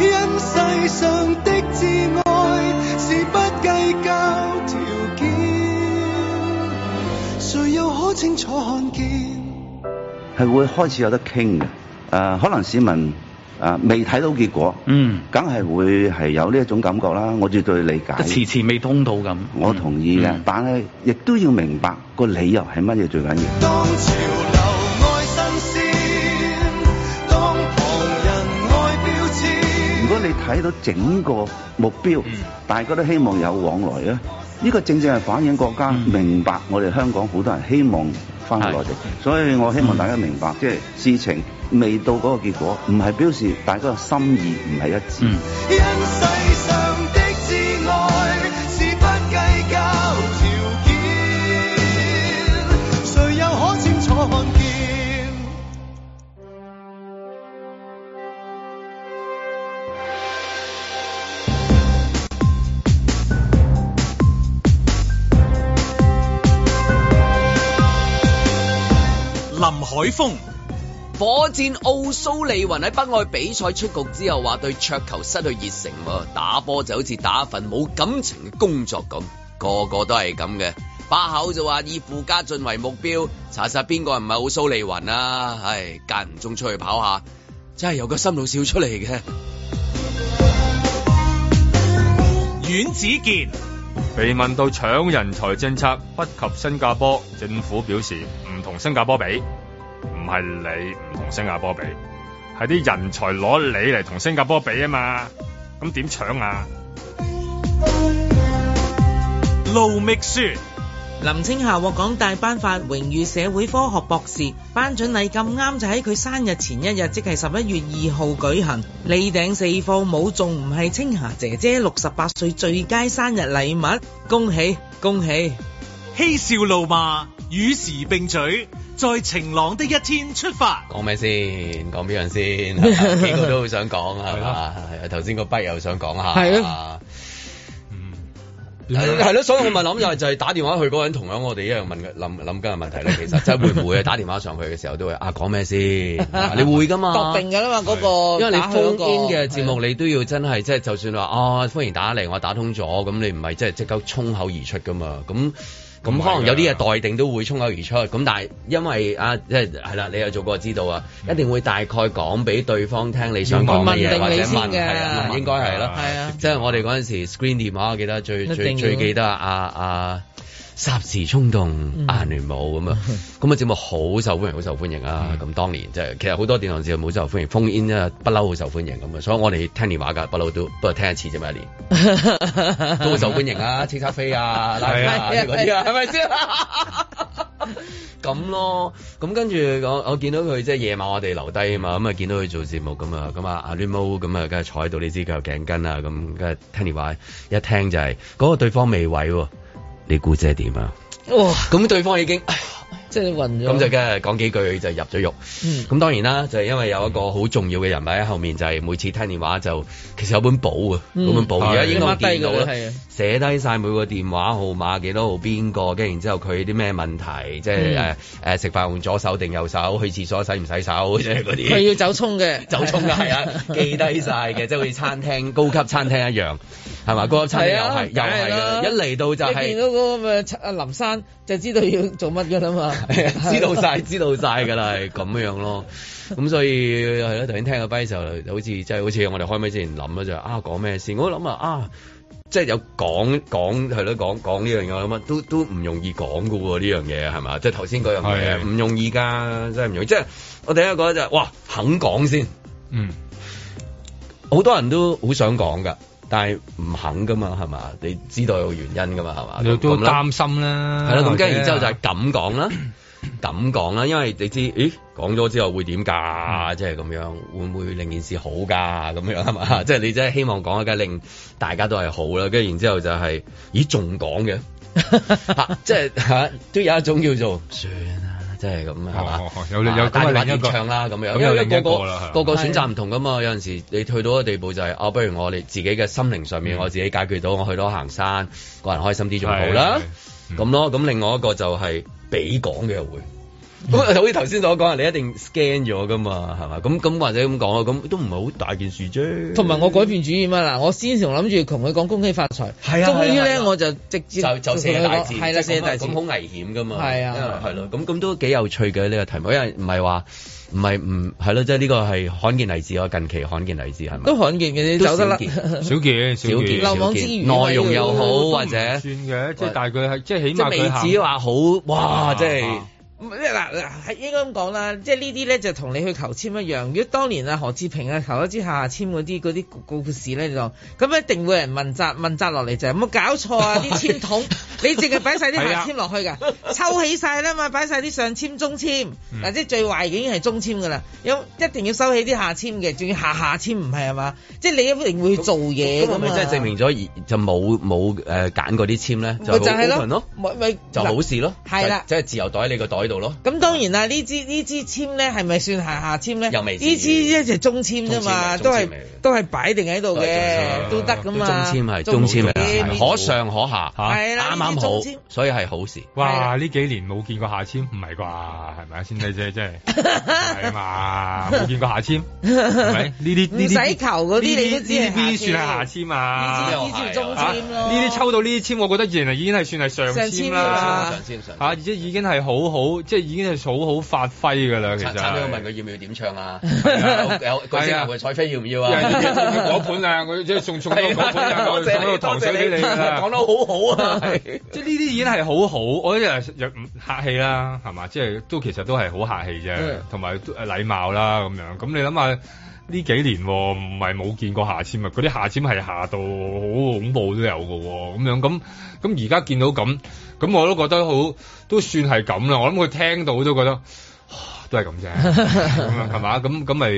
因世上的至愛，是不計較條件，誰又可清楚看見？係會開始有得傾嘅、啊。可能市民。啊！未睇到結果，嗯，梗係會係有呢一種感覺啦。我絕對理解。遲遲未通到咁，我同意嘅、嗯。但係亦都要明白個理由係乜嘢最緊要。當潮流愛新鮮，當旁人愛標籤。如果你睇到整個目標，大家都希望有往來啊！呢、這個正正係反映國家、嗯、明白我哋香港好多人希望翻去內地，所以我希望大家明白，嗯、即係事情未到嗰個結果，唔係表示大家嘅心意唔係一致。嗯林海峰，火箭奧蘇利雲喺北愛比賽出局之後話對桌球失去熱誠，打波就好似打份冇感情嘅工作咁，個個都係咁嘅。八口就話以傅家俊為目標，查實邊個唔係奧蘇利雲啊？唉，間唔中出去跑下，真係有個心路笑出嚟嘅。阮子健被問到搶人才政策不及新加坡，政府表示唔同新加坡比。唔係你唔同新加坡比，係啲人才攞你嚟同新加坡比啊嘛，咁點搶啊？路覓書林青霞獲港大頒發榮譽社會科學博士，頒獎禮咁啱就喺佢生日前一日，即係十一月二號舉行。你頂四貨母仲唔係青霞姐姐六十八歲最佳生日禮物？恭喜恭喜！嬉笑怒罵，與時並舉。在晴朗的一天出發。講咩先？講邊樣先？幾個都好想講啊，係嘛？頭先個筆又想講下。係咯。嗯。係咯，所以我咪諗又係就係打電話去嗰人同樣，我哋一樣問諗諗緊嘅問題咧。其實真、就係、會唔會啊？打電話上去嘅時候都會啊，講咩先？你會㗎嘛？確定㗎啦嘛，嗰、嗰個、嗰個、因為你烽煙嘅節目，你都要真係即係，就算話啊，歡迎打嚟我打通咗，咁你唔係即係即刻衝口而出㗎嘛？咁咁可能有啲嘢待定都會衝口而出，咁、啊、但係因為啊，即係係啦，你有做過就知道啊，嗯、一定會大概講俾對方聽你想講乜嘢或者問嘅。係啊，應該係咯，係啊，即係我哋嗰陣時 screen 電話，我記得最最最記得啊啊！啊霎時衝動，阿亂舞咁啊！咁、嗯、啊，節目好受歡迎，好受歡迎啊！咁當年即係，其實好多電台節目好受歡迎，《烽煙》啊，不嬲好受歡迎咁啊！所以我哋聽電話㗎，不嬲都不過聽一次啫嘛，一年 <laughs> 都好受歡迎啊！叱 <laughs> 吒飛啊，嗱嗰啲啊，係咪先？咁、啊啊啊、 <laughs> <laughs> 咯，咁跟住我我見到佢即係夜晚我哋留低啊嘛，咁啊見到佢做節目咁啊，咁啊阿亂舞咁啊，梗係坐喺度呢支舊頸巾啊，咁梗係聽電話，一聽就係、是、嗰、那個對方未毀。你估即係點啊？哇！咁對方已經即係暈咗，咁就梗係講幾句就入咗獄。咁、嗯、當然啦，就係、是、因為有一個好重要嘅人物喺後面，就係每次聽電話就其實有本簿啊。咁、嗯、本簿而家應該低到啦，寫低晒每個電話號碼幾多號邊個，跟住然之後佢啲咩問題，即係誒誒食飯用左手定右手，去廁所洗唔洗手，即係嗰啲。佢要走衝嘅， <laughs> 走衝嘅係啊，記低晒嘅，即係好似餐廳 <laughs> 高級餐廳一樣。係嘛？個阿陳又係又係㗎，一嚟到就係、是、你見到嗰、那個咩阿林生就知道要做乜㗎喇嘛 <laughs> 知道了 <laughs> 知。知道曬，知道曬㗎喇，係咁樣囉，咯。咁所以係咯，頭先聽個 by 時候，好似即係好似我哋開咪之前諗咗就啊，講咩先？我諗話，啊，即係有講講係咯，講講呢樣嘢，我諗啊，都都唔容易講㗎喎，呢樣嘢係嘛？即係頭先嗰樣嘢，唔容易㗎，真係唔容易。即係我第一個覺得就係、是、哇，肯講先，好、嗯、多人都好想講㗎。但係唔肯噶嘛，係嘛？你知道有原因噶嘛，係嘛？你都擔心啦，係啦。咁跟住然之後就係咁講啦，咁講啦，因為你知，咦？講咗之後會點㗎？即係咁樣，會唔會令件事好㗎？咁樣係嘛，即 <laughs> 係你真係希望講嘅，令大家都係好啦。跟住然之後就係、是，咦？仲講嘅，即 <laughs> 係、啊就是啊、都有一種叫做算。即係咁啊，係嘛？有有大合唱啦，咁樣，因有個因因個個個選擇唔同噶嘛。有陣時候你去到嗰地步就係、是、哦，不如我哋自己嘅心靈上面，嗯、我自己解決到，我去到行山，個人開心啲仲好啦。咁咯，咁另外一個就係俾講嘅會。咁好似頭先所講，你一定 scan 咗噶嘛，係嘛？咁咁或者咁講啊，咁都唔係好大件事啫。同埋我改變主意啦，嗱，我先時仲諗住同佢講恭喜發財，啊、終於咧、啊啊、我就直接就就寫大字，係寫大字，好危險噶嘛，係啊，係咯，咁咁、啊啊啊啊啊啊啊啊啊、都幾有趣嘅呢、呢個題目，因為唔係話唔係唔係咯，即係呢個係罕見例子咯，我近期罕見例子係咪？都罕見嘅，你走得啦，少見少見，內容又好或者算嘅，即係但係佢係即係起碼佢、啊啊、只話好哇，即、就、係、是。啊啊嗱嗱係應該咁講啦，即係呢啲咧就同你去求籤一樣。如果當年啊何志平啊求咗支下下籤嗰啲嗰啲故事咧就咁一定會有人問責問責落嚟就係、是、冇搞錯啊啲籤 <laughs> 筒，你淨係擺晒啲下籤落去㗎，抽起晒啦嘛，擺晒啲上籤中籤嗱，即係最壞已經係中籤㗎啦，有一定要收起啲下籤嘅，仲要下下籤唔係係嘛？即係你一定會做嘢㗎嘛。咁咪真係證明咗就冇冇誒揀嗰啲籤咧，就好 open 咯，咪咪就冇事咯，係啦，即係自由袋喺你個袋。喺度咯，咁當然啦，啊、這支這支籤呢支呢支籤咧係咪算係下籤咧？又未。呢支一隻中籤啫嘛，都係都係擺定喺度嘅，都得噶嘛。中籤係中籤嚟，可上可下，啱、啊、啱、啊、好，所以係好事。哇！呢、啊、幾年冇見過下籤唔係啩？係咪先？你即係即係係嘛？冇 <laughs> <laughs> 見過下籤唔係呢啲呢啲唔使求嗰啲， <laughs> 你都知係下籤。呢啲呢啲算係下籤嘛？呢啲算中籤咯。呢啲呢抽到呢啲籤我覺得原來已經係算係上籤啦。上籤上，嚇而且已經係好好。即係已經係好好發揮㗎啦，其實。我問佢要唔要點唱啊？啊 <laughs> 有嗰陣，有有啊、彩飛要唔要啊？啊要要要果盤啊！我即係送送多個果盤入、啊、去。 <laughs> 啊、多謝你講 <laughs> 得好好啊！啊啊 <laughs> 即係呢啲已經係好好，我啲人又唔客氣啦，係嘛？即係都其實都係好客氣啫，同埋禮貌啦咁樣。咁你諗下？呢幾年喎，唔係冇見過下簽啊！嗰啲下簽係下到好恐怖都有㗎喎。咁樣咁咁而家見到咁，咁我都覺得好都算係咁啦。我諗佢聽到都覺得都係咁啫，咁 <laughs> 樣係嘛？咁咁咪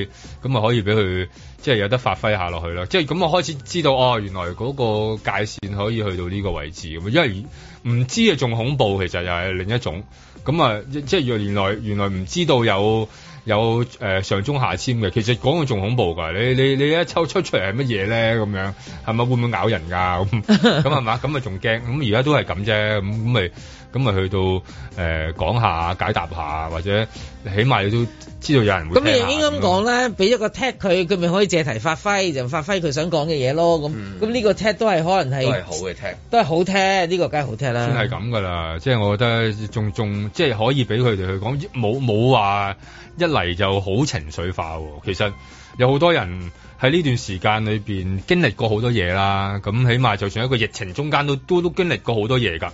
咁咪可以俾佢即係有得發揮下落去啦。即係咁我開始知道哦，原來嗰個界線可以去到呢個位置咁，因為唔知啊仲恐怖。其實又係另一種咁啊，即係原來原來唔知道有。有誒、呃，上中下籤嘅，其實講嘅仲恐怖㗎，你你你一抽出出嚟係乜嘢咧？咁樣係咪會唔會咬人㗎？咁咁係嘛？咁啊仲驚咁而家都係咁啫，咁咁咪。咁咪去到誒、呃、講下解答下，或者起碼你都知道有人會咁你應該咁講啦，俾一個 tag 佢，佢咪可以借題發揮，就發揮佢想講嘅嘢咯。咁咁呢個 tag 都係可能係都係好嘅 tag，都係好 tag，呢個梗係好 tag 啦。真係咁噶啦，即係我覺得仲仲即係可以俾佢哋去講，冇冇話一嚟就好情緒化。其實有好多人喺呢段時間裏面經歷過好多嘢啦。咁起碼就算一個疫情中間都都都經歷過好多嘢㗎。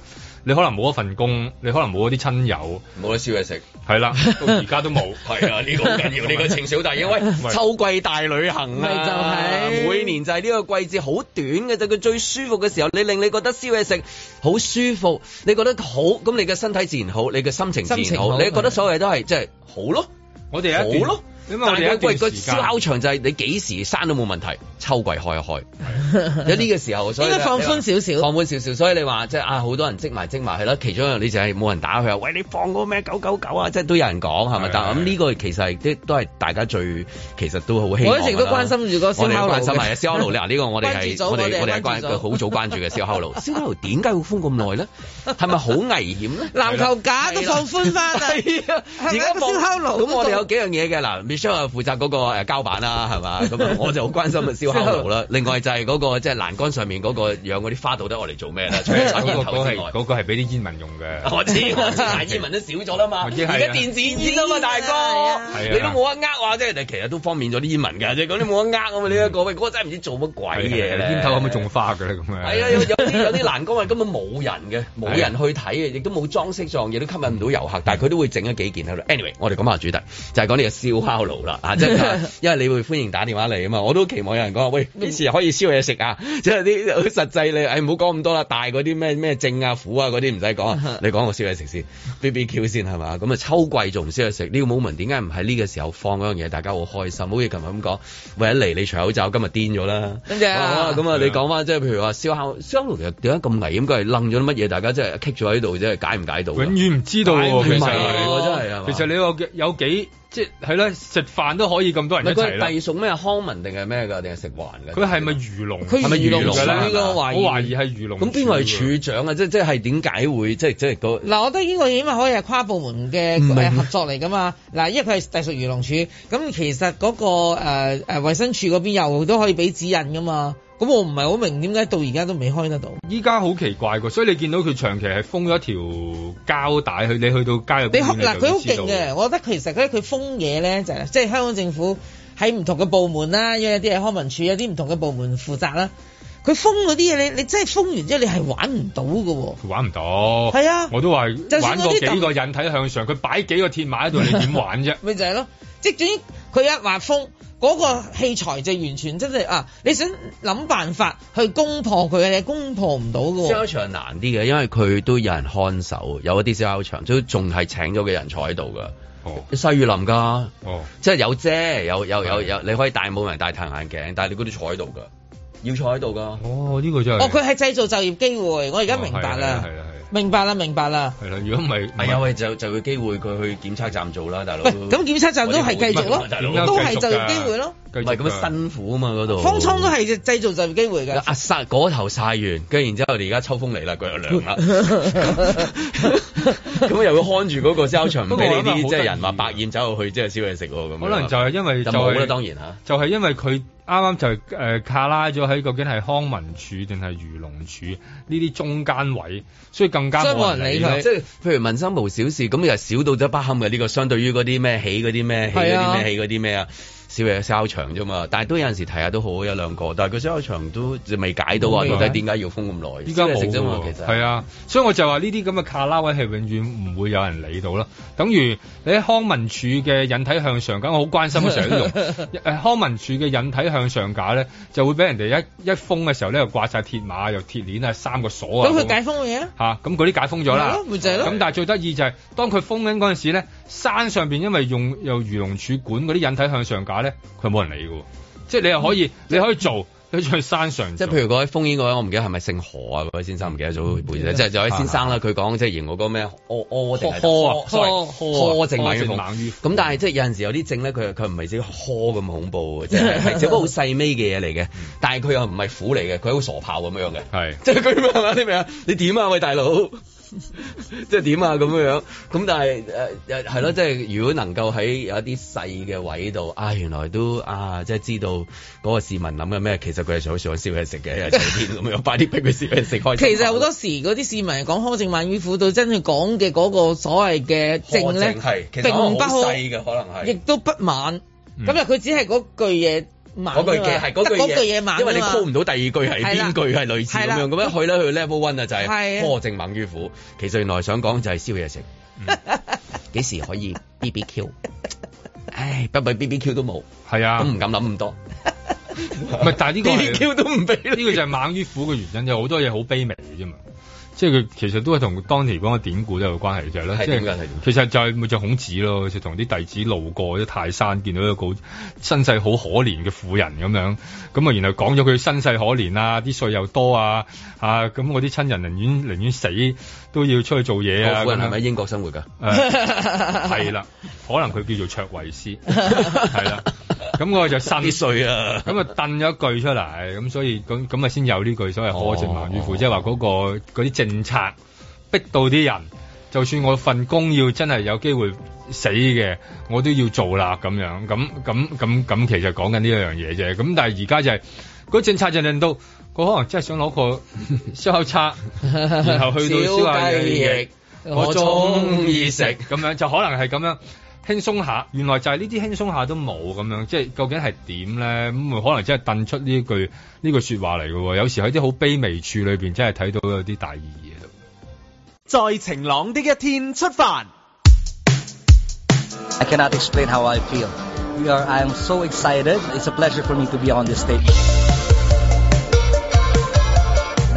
你可能冇一份工，你可能冇一啲親友，冇得燒嘢食，係啦，到而家都冇，係 <laughs> 啊，呢、呢個好緊要。呢 <laughs> 個情小弟，因為秋季大旅行啊，就係每年就係呢個季節好短嘅就佢、是、最舒服嘅時候，你令你覺得燒嘢食好舒服，你覺得好，咁你嘅身體自然好，你嘅心情自然好，情好，你覺得所謂都係即係好咯，我哋一段。好咯因為我但係佢個燒烤場就係你幾時閂都冇問題，秋季開一開，有呢個時候，所以應該放寬少少，放寬少少，所以你話即係啊，好、就是、多人積埋積埋係啦。其中一個你就係冇人打佢啊，喂，你放嗰個咩九九九啊，即係都有人講係咪？但係咁呢個其實都都係大家最其實都好興。我一直都關心住個燒烤爐關、啊 <laughs> 啊呢個，關心埋燒烤爐。嗱 <laughs> 呢個我哋係我哋我哋關好早關注嘅燒烤爐。燒烤爐點解會封咁耐咧？係咪好危險咧？籃球架都放寬翻，而家燒烤爐咁，我哋有幾樣嘢嘅嗱。你張負責嗰個膠板啦，係嘛？咁我就好關心個燒烤爐啦。另外就係嗰、那個即係、就是、欄杆上面嗰個養嗰啲花，到底我嚟做咩啦？除咗插煙頭之外，嗰個係俾啲煙民用嘅。我知我知，煙民都少咗啦嘛。而家電子煙啊嘛，大哥，啊、你都冇得呃話啫。其實都方便咗啲煙民㗎，即係講你冇得呃啊嘛。呢、這、一個嗰、那個真係唔知做乜鬼嘢。煙頭可唔可以種花㗎咧？咁樣係啊，有啲有啲欄杆係根本冇人嘅，冇人去睇嘅，亦都冇裝飾狀嘢，都吸引唔到遊客。但係佢都會整咗幾件。Anyway，我哋講下主題，就係、是、講呢個燒烤。啦啊，即係因為你會歡迎打電話嚟啊嘛，我都期望有人講話，喂，邊時可以燒嘢食啊？即係啲好實際你，唉、哎，唔好講咁多啦，大嗰啲咩咩政啊苦啊嗰啲唔使講，你講個燒嘢食先，B B Q 先係嘛？咁啊，就秋季仲唔燒嘢食，呢、呢個 moment 點解唔喺呢個時候放嗰樣嘢？大家好開心，好似琴日咁講，喂，一嚟你除口罩，今日癲咗啦，真、yeah. 嘅。咁啊，你講翻即係譬如話燒烤香爐其實點解咁危險？佢係燁咗乜嘢？大家真係棘咗喺度啫，解唔解到？永遠唔知道、哦，其是是、哦、真係。其實你話有幾？即係咧，食飯都可以咁多人一齊啦。佢係隸屬咩康文定係咩㗎？定係食環㗎？佢係咪漁農，佢係咪漁農嘅咧？我懷疑係漁農。咁邊個係處長啊？即係點解會即即係都？嗱，我覺得呢個已經可以係跨部門嘅合作嚟㗎嘛。嗱，因為佢係隸屬漁農署。咁其實嗰、嗰個誒誒衞生署嗰邊又都可以俾指引㗎嘛。咁我唔係好明點解到而家都未開得到，依家好奇怪㗎，所以你見到佢長期係封咗一條膠帶去，你去到街入邊，你嗱佢好勁嘅。我覺得其實佢封嘢咧就係即係香港政府喺唔同嘅部門啦，有一啲係康文署，有啲唔同嘅部門負責啦。佢封嗰啲嘢，你你真係封完之後，你係玩唔到㗎喎。玩唔到。係啊，我都話。就算嗰幾個引體向上，佢擺幾個鐵馬喺度，你點玩啫？咪 <laughs> 就係咯，即佢一話封，嗰個器材就完全真係啊！你想諗辦法去攻破佢嘅，你攻破唔到喎。燒烤場難啲嘅，因為佢都有人看守，有一啲燒烤場都仲係請咗嘅人坐喺度㗎。哦，西雨林㗎。哦，即係有遮，有有有有，你可以戴冇人戴太陽眼鏡，但係你嗰啲坐喺度㗎，要坐喺度㗎。哦，呢個真係。哦，佢係製造就業機會，我而家明白啦。哦明白啦，明白啦。係啦，如果唔係，咪有喂，就就有機會。佢去檢測站做啦，大佬。咁檢測站都係繼續咯，都係就有機會咯。唔係咁辛苦啊嘛，嗰度封倉都係製造就業機會㗎。嘅、啊。曬嗰頭曬完，跟住然之後，我哋而家秋風嚟啦，腳又涼啦。咁 <laughs> <laughs> 又會看住嗰、那個燒 <laughs> 場，唔俾你啲即係人話百厭走落去，即係燒嘢食喎。咁可能就係因為在、就是、當然就係、是、因為佢啱啱就係卡拉咗喺究竟係康文署定係魚龍署呢啲中間位，所以更加有人。所以我理佢，即係譬如民生無小事，咁又少到咗不堪嘅呢、這個，相對於嗰啲咩起嗰啲咩起嗰啲嘅嘢烤場啫嘛，但係都有陣時睇下都好一兩個，但係個烤場都未解到啊！到底點解要封咁耐？依家冇啫嘛，其實係啊，所以我就話呢啲咁嘅卡拉威係永遠唔會有人理到啦。等如你喺康文署嘅引體向上梗我好關心嘅使用康文署嘅引體向上架咧， <laughs> 就會俾人哋一一封嘅時候咧，又掛晒鐵馬又鐵鏈啊三個鎖啊。咁佢解封嘅嘢嚇，咁嗰啲解封咗啦。咁但係最得意就係當佢封緊嗰陣時咧。山上邊因為用由魚龍處管嗰啲引體向上架咧，佢冇人理嘅，即係你又可以、嗯，你可以做，你去山上做。即係譬如嗰位封癲嗰位，我唔記得係咪姓何啊？嗰位先生唔記得咗背、嗯嗯、即係就位先生啦。佢講即係言我嗰咩屙屙症、疴疴症啊，咁但係即係有陣時有啲症咧，佢佢唔係自己呵咁恐怖嘅，只係只係好細尾嘅嘢嚟嘅。但係佢又唔係苦嚟嘅，佢好傻炮咁樣嘅，係即係佢啲咩啊？你點啊？喂，大佬！ <laughs> 即係點啊咁樣樣，咁但係誒係咯，即係如果能夠喺有一啲細嘅位度，啊原來都啊即係知道嗰個市民諗緊咩，其實佢係想想燒嘢食嘅，咁 <laughs> 樣，快啲俾佢燒嘢食。其實好多時嗰啲市民講苛政猛於虎，到真係講嘅嗰個所謂嘅政咧，並可能係亦都不猛。咁、嗯、啊，佢只係嗰句嘢。嗰句嘢係嗰句嘢，因為你 call 唔到第二句係邊句係類似咁樣，咁一去咧去 level one、就、啊、是，就係苛政猛於虎。其實原來想講就係燒嘢食，幾、 <laughs> 嗯、 <laughs> 時可以 BBQ？唉，不俾 BBQ 都冇，係啊，咁唔敢諗咁多。 <laughs> 但呢個 BBQ 都唔俾呢個就係猛於虎嘅原因， <laughs> 有好多嘢好卑微嘅啫嘛。即係佢其實都係同當時講嘅典故都有關係嘅，其實即係其實就係咪就孔子咯，好似同啲弟子路過啲泰山，見到一個身世好可憐嘅婦人咁樣，咁啊，然後講咗佢身世可憐啊，啲稅又多啊，啊，咁我啲親人寧願寧願死。都要出去做嘢啊！好多人喺英國生活噶，係啦，可能佢叫做卓維斯，係啦。咁我就心碎啊！咁啊，掟咗一句出嚟，咁所以咁咁啊，先有呢句所謂苛政猛於虎，即係話嗰個嗰啲政策逼到啲人，就算我份工要真係有機會死嘅，我都要做啦咁樣。咁咁咁咁，其實講緊呢一樣嘢啫。咁但係而家就係。嗰、那個、政策就令到佢可能真係想攞個燒烤叉， <laughs> 然後去到燒雞翼、翼，我中意食咁樣就可能係咁樣輕鬆下。原來就係呢啲輕鬆下都冇咁樣，即係究竟係點咧？咁可能真係掟出呢句呢句、這個、說話嚟嘅。有時喺啲好卑微處裏邊，真係睇到有啲大意義喺度。再晴朗啲嘅天出發。I cannot explain how I feel. We are, I am so excited. It's a pleasure for me to be on this stage.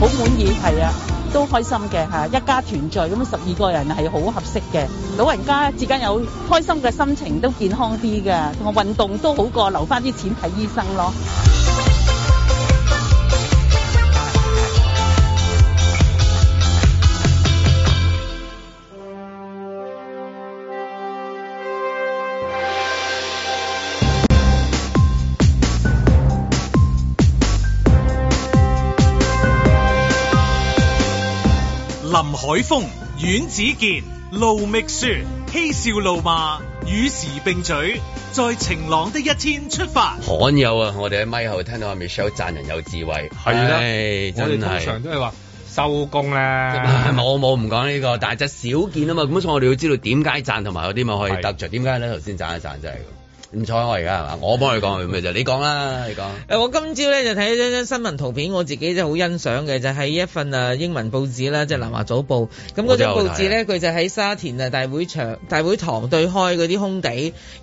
好滿意，係啊，都開心嘅，吓，一家團聚，咁十二個人係好合適嘅，老人家節間有開心嘅心情，都健康啲嘅。同埋運動都好過留返啲錢睇醫生咯。海風、阮子健、盧覓雪、嬉笑怒罵、與時並嘴在晴朗的一天出發。罕有啊！我哋喺咪後聽到阿 Michelle 讚人有智慧，係啦、哎，我哋通常都係話收工咧。冇冇唔講呢個，但係就少見啊嘛。咁所以我哋要知道點解讚同埋有啲嘛可以得着，點解咧？頭先讚一讚真係。唔睬我而家係嘛？我幫你講係咩就你講啦，你講,你講、呃。我今朝咧就睇咗一張新聞圖片，我自己就好欣賞嘅，就係、是、一份、啊、英文報紙啦，即係《南華早報》嗯。咁嗰張報紙咧，佢就喺沙田啊大會場、大會堂對開嗰啲空地。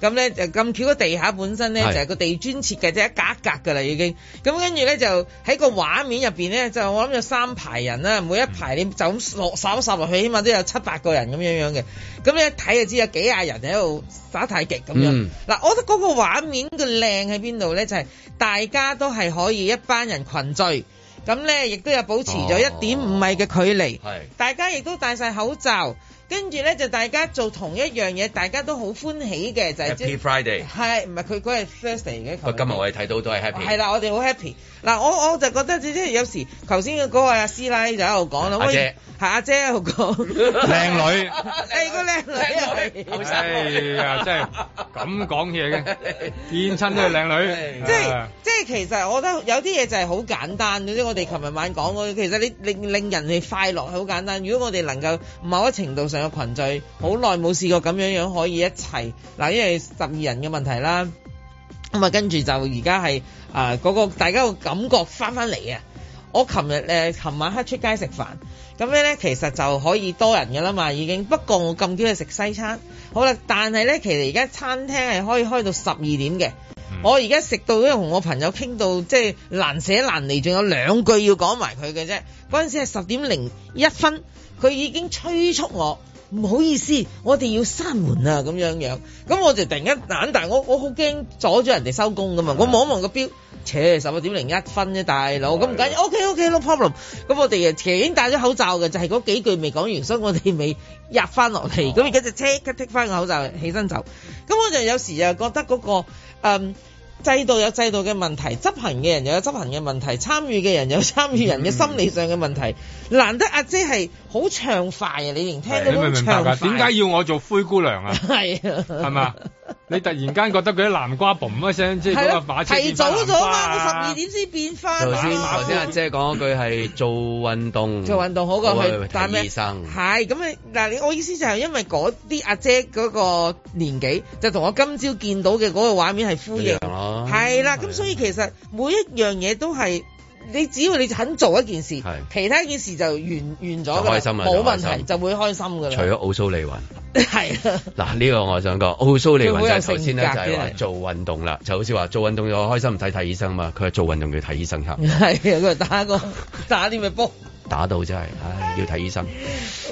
咁咧就咁巧，個地下本身咧就係、是、個地磚設計即係一格格㗎啦已經。咁跟住咧就喺個畫面入面咧，就我諗有三排人啦，每一排你就咁、嗯、落手摺落去，起碼都有七八個人咁樣樣嘅。咁你一睇就知有幾廿人喺度耍太極咁樣。嗱、嗯，嗰個畫面嘅靚喺邊度咧？就係大家都係可以一班人群聚，咁咧亦都有保持咗一點五米嘅距離，哦、大家亦都戴晒口罩。跟住咧就大家做同一樣嘢，大家都好歡喜嘅就係 Happy Friday，係唔係佢嗰日 Thursday 嘅？不過今日我哋睇到都係 Happy。係啦，我哋好 Happy。嗱，我我就覺得即係有時頭先嗰個阿師奶就喺度講啦，阿姐係阿姐喺度講，靚女，誒個靚女，哎呀好犀利呀，即係咁講嘢嘅，見親都係靚女。即係即係其實我覺得有啲嘢就係好簡單，嗰啲我哋琴日晚講嗰啲，其實你令令人哋快樂係好簡單。如果我哋能夠某一種程度上。個群聚好耐冇試過咁樣樣可以一齊嗱，因為十二人嘅問題啦，咁啊跟住就而家係啊嗰個大家嘅感覺翻返嚟啊！我琴日誒琴晚黑出街食飯，咁樣咧其實就可以多人㗎啦嘛，已經。不過我咁鍾意食西餐，好啦，但係咧其實而家餐廳係可以開到十二點嘅。我而家食到因為同我朋友傾到，即係難捨難離，仲有兩句要講埋佢嘅啫。嗰陣時係十點零一分，佢已經催促我，唔好意思，我哋要閂門呀。咁樣樣。咁我就突然間但我我好驚阻住人哋收工噶嘛。我望一望個表，扯十點零一分啫，大佬咁唔緊要，OK OK 咯，no problem。咁我哋啊，已經戴咗口罩嘅，就係嗰幾句未講完，所以我哋未入翻落嚟。咁而家就即刻剔翻個口罩，起身走。咁我就有時又覺得嗰個，嗯制度有制度嘅問題，執行嘅人又有執行嘅問題，參與嘅人有參與人嘅心理上嘅問題，嗯。難得阿姐係。好暢快啊！你連聽到都暢快。點解要我做灰姑娘啊？係啊，係嘛？你突然間覺得嗰啲南瓜 boom 一聲，即係提早咗嘛，十二點先變翻。頭先阿姐講嗰句係做運動，做運動好過去睇醫生但。係咁你，嗱，你我意思就係因為嗰啲阿姐嗰個年紀，就同我今朝見到嘅嗰個畫面係呼應。係啦，咁所以其實每一樣嘢都係。你只要你肯做一件事，其他一件事就完完咗，冇問題就開心，就會開心噶啦。除咗奧蘇利雲，係啦。嗱呢個我想講，奧蘇利雲就係首先咧，就係話做運動啦，就好似話做運動我開心唔睇睇醫生啊嘛，佢話做運動要睇醫生嚇。係啊，佢係打個打啲咩波？打到真係，唉，要睇醫生。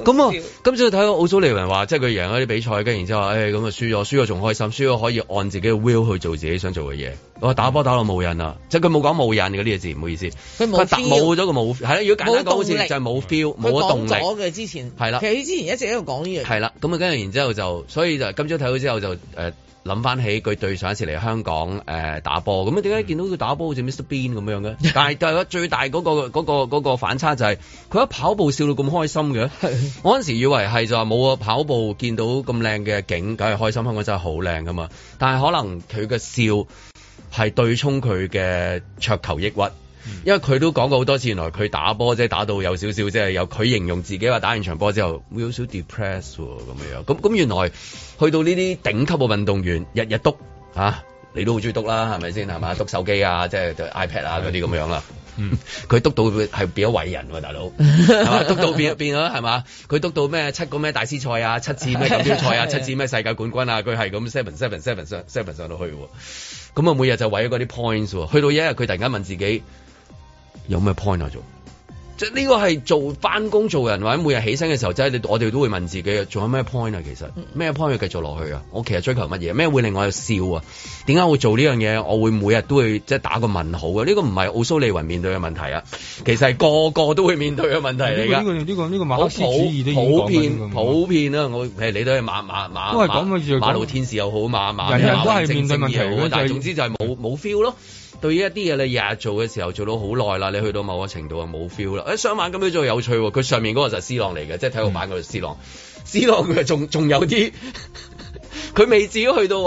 咁 <laughs> 樣啊， <laughs> 今朝睇到奧蘇利文話，即係佢贏咗啲比賽，跟住然之後唉，咁、哎、啊，輸咗，輸咗仲開心，輸咗可以按自己嘅 will 去做自己想做嘅嘢。我打波打到冇癮啦，即係佢冇講冇癮嘅呢個字，唔好意思。佢冇冇咗個冇，係啦。如果簡單講就係冇 feel，冇動力。咗、就、嘅、是、之前係啦，其實佢之前一直喺度講呢樣。係啦，咁啊，跟住然之後就，所以就今朝睇到之後就、呃諗翻起佢對上一次嚟香港誒、呃、打波，咁啊點解見到佢打波好似 Mr. Bean 咁樣嘅？ <laughs> 但係但係，最大嗰個嗰個嗰個反差就係佢一跑步笑到咁開心嘅。 <laughs> 我嗰陣時以為係就話冇啊跑步見到咁靚嘅景，梗係開心。香港真係好靚噶嘛！但係可能佢嘅笑係對沖佢嘅桌球抑鬱。因為佢都講過好多次，原來佢打波即係打到有少少即係有，佢形容自己話打完場波之後會有少 depressed 咁樣，咁咁原來去到呢啲頂級嘅運動員，日日督，啊你都好中意督啦，係咪先係嘛？督 <laughs> 手機啊，即係 iPad 啊嗰啲咁樣啦。嗯， <laughs> <laughs> 佢督到係變咗偉人，啊，大佬係嘛？ <laughs> 督到變變咗係嘛？佢 <laughs> 督到咩七個咩大師賽啊，七次咩錦標賽啊， <laughs> 七次咩世界冠軍啊，佢係咁 seven seven seven 上 seven 上到去，啊，咁啊每日就為咗嗰啲 points，啊、去到一日佢突然間問自己。有咩 point 啊？做即係呢個係做翻工做人或者每日起身嘅時候，即係我哋都會問自己：，仲有咩 point 啊？其實咩 point 要繼續落去啊？我其實追求乜嘢？咩會令我有笑啊？點解會做呢樣嘢？我會每日都會即係打個問號啊。呢個唔係奧蘇利雲面對嘅問題啊，其實係個個都會面對嘅問題嚟噶。呢個呢個呢個呢個呢個、普、普遍、呢個、普遍啦、啊。我你都係馬馬馬都係咁嘅。馬路天使又好，馬馬人,人都係面對問題好。就是、但係總之就係冇冇 feel 咯。對於一啲嘢你日日做嘅時候做到好耐啦，你去到某個程度啊，冇 feel 啦，誒上玩咁樣做有趣喎，佢上面嗰個就係 C 朗嚟嘅，即係體育版嗰個 C 朗，C、嗯、朗佢仲仲有啲。佢未至於去到，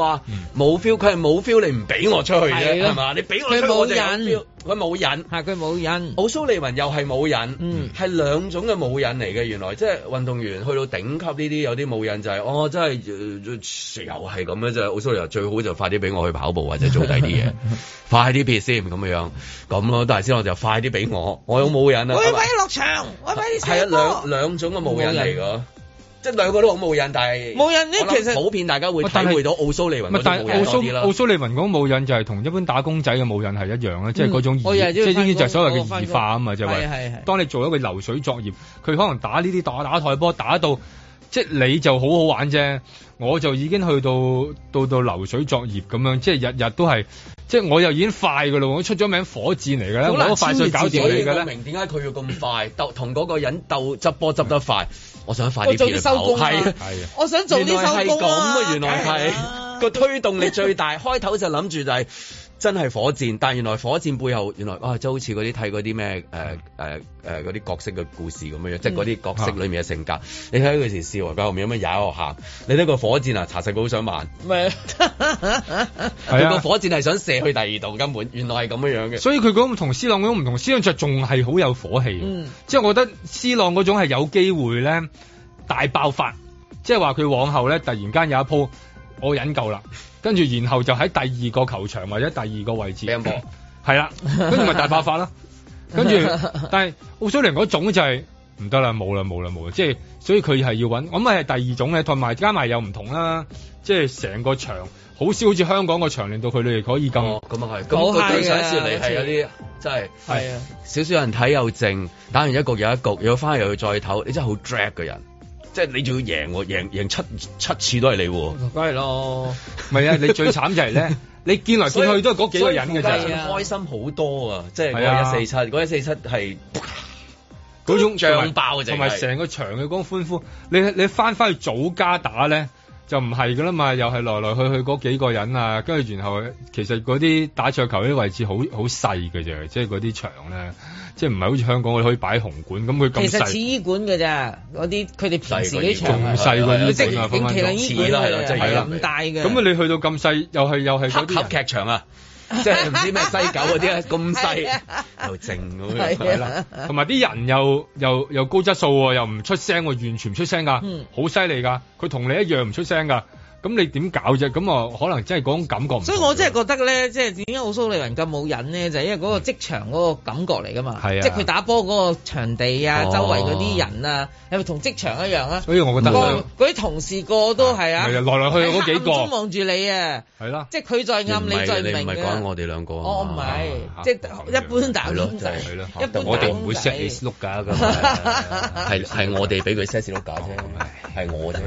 冇 feel，佢係冇 feel，你唔俾我出去啫，係嘛、啊？你俾我你冇癮，佢冇癮，佢冇癮。奧蘇利文又係冇癮，係、嗯、兩種嘅冇癮嚟嘅。原來即係運動員去到頂級呢啲有啲冇癮就係、是，我、哦、真係、呃呃、又係咁嘅啫。奧蘇利文最好就快啲俾我去跑步或者做低啲嘢， <laughs> 快啲撇先咁樣樣，咁咯。但係先我就快啲俾我，我好冇癮啊！我俾你落場，我俾你係啊，兩兩種嘅冇癮嚟嘅。即兩個都好冇癮，但係冇癮呢？其實普遍大家會體會到但奧蘇利雲嗰啲無癮多啲啦，奧蘇，奧蘇利雲講無癮就係同一般打工仔嘅冇癮係一樣咧，即係嗰種，即係呢啲就所謂嘅異化啊嘛，就係、是、當你做一個流水作業，佢可能打呢啲打打台波打到，即係你就好好玩啫，我就已經去到到到流水作業咁樣，即係日日都係。即係我又已經快嘅咯，我出咗名火箭嚟嘅咧，我好快趣搞掂你嘅咧。好難超越。我唔明點解佢要咁快，鬥同嗰個人鬥執波執得快， <coughs> 我想快啲收工，啊。係啊係啊，我想做啲收工啊。原來係咁啊！原來係個推動力最大， <coughs> 開頭就諗住就係。真係火箭，但原來火箭背後原來哇、啊呃呃呃嗯，即係好似嗰啲睇嗰啲咩誒誒誒嗰啲角色嘅故事咁樣，即係嗰啲角色裏面嘅性格。啊、你睇佢時笑，但後面咁咩又喺度喊。你睇個火箭啊，查實佢好想慢。唔係佢、啊、 <laughs> 個火箭係想射去第二度根本。原來係咁樣樣嘅。所以佢嗰種同思朗嗰種唔同。思朗仲係好有火氣。嗯。即係我覺得思朗嗰種係有機會咧大爆發，即係話佢往後咧突然間有一鋪，我忍夠啦。跟住，然後就喺第二個球場或者第二個位置掟波，係啦，跟住咪大爆發啦。跟 <laughs> 住，但係澳洲人嗰種就係唔得啦，冇啦，冇啦，冇啦，即係所以佢係要搵。咁咪係第二種咧，同埋加埋又唔同啦，即係成個場好少好似香港個場，令到佢哋可以咁。咁、哦、啊係，咁佢對上嚟係有啲真係係啊，少少、啊、人睇又靜，打完一局又一局，如果翻去又要再唞，你真係好 drag 嘅人。即係你仲要贏喎、哦，贏七七次都係你喎、哦，梗係咯，唔係啊！你最慘就係咧， <laughs> 你見來見去都係嗰幾個人嘅啫、啊，開心好多啊！即係啊，一四七，嗰一四七係嗰種像爆嘅，同埋成個場嘅嗰種歡呼，你你翻翻去組家打咧。就唔係㗎啦嘛，又係來來去去嗰幾個人啊，跟住然後其實嗰啲打桌球嗰啲位置好好細㗎啫，即係嗰啲場呢，即係唔係好似香港我哋可以擺紅館咁佢。咁細，咁醫館嘅咋，嗰啲佢哋平時啲場。細嗰啲。細嗰啲。咁大嘅。咁啊，你去到咁細，又係又係嗰啲。劇場啊！ <laughs> 即係唔知咩西九嗰啲咁細又靜咁樣，係啦。同埋啲人又又又高質素喎，又唔出聲喎，完全唔出聲噶，嗯，好犀利噶，佢同你一樣唔出聲噶。咁你點搞啫？咁啊，可能真係嗰種感覺。所以我真係覺得咧，即係點解奧蘇利文咁冇癮呢？就係、是、因為嗰個職場嗰個感覺嚟噶嘛。係啊，即係佢打波嗰個場地啊，哦、周圍嗰啲人啊，係咪同職場一樣啊？所以我覺得，嗰啲同事過都係啊，來、啊、來、啊、去嗰幾個望住你啊，係啦，即係佢再暗，你再明嘅、啊。你唔係講我哋兩個、啊 oh, oh, 啊啊啊啊啊，我唔係，即係一般打我哋會 set 你 look 係係我哋俾佢 set look 啫，係我啫，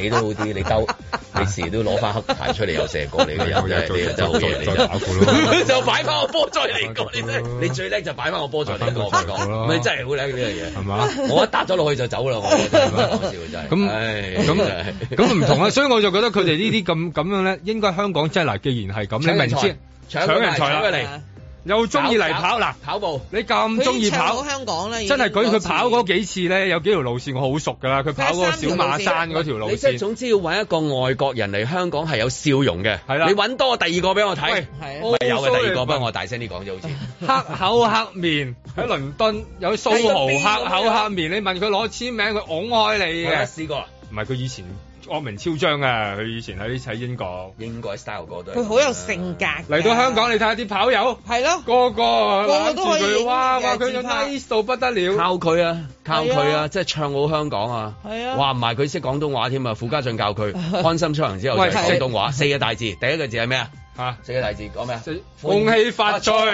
你都好啲，你兜。啊、你時都攞翻黑牌出嚟又射過你嘅人，真係你真係好嘢嚟，就， <laughs> 就擺翻個波再嚟講，你最你最叻就擺翻個波再嚟講，你真係好叻呢樣嘢，係嘛？我一搭咗落去就走啦，講笑真係。咁咁就係咁唔同啊，所以我就覺得佢哋呢啲咁咁樣咧，應該香港真嗱，既然係咁，你明唔明先？搶人才啦！又中意嚟跑啦跑,跑,跑步，你咁中意跑，香港咧，真係佢佢跑嗰幾次咧，有幾條路線我好熟噶啦，佢跑嗰個小馬山嗰條路,路線。你即係總之要搵一個外國人嚟香港係有笑容嘅，係啦，你搵多第二個俾我睇，係咪有第二個？不過我大聲啲講就好似黑口黑面喺倫敦有蘇豪黑口黑面，你問佢攞簽名，佢拱開你嘅。試過，唔係佢以前。惡名昭彰啊！佢以前喺喺英國，英國的 style 歌都、啊，佢好有性格。嚟到香港，你睇下啲跑友，係咯，哥哥啊、個個個個佢，可以話話佢 nice 到不得了。靠佢啊，靠佢啊，即係、啊、唱好香港啊！係啊，哇！唔係佢識廣東話添啊，傅家俊教佢，安 <laughs> 心出行之後識廣東話。 <laughs> 四個大字，第一個字係咩啊？嚇、啊、四個大字講咩啊？恭喜發財，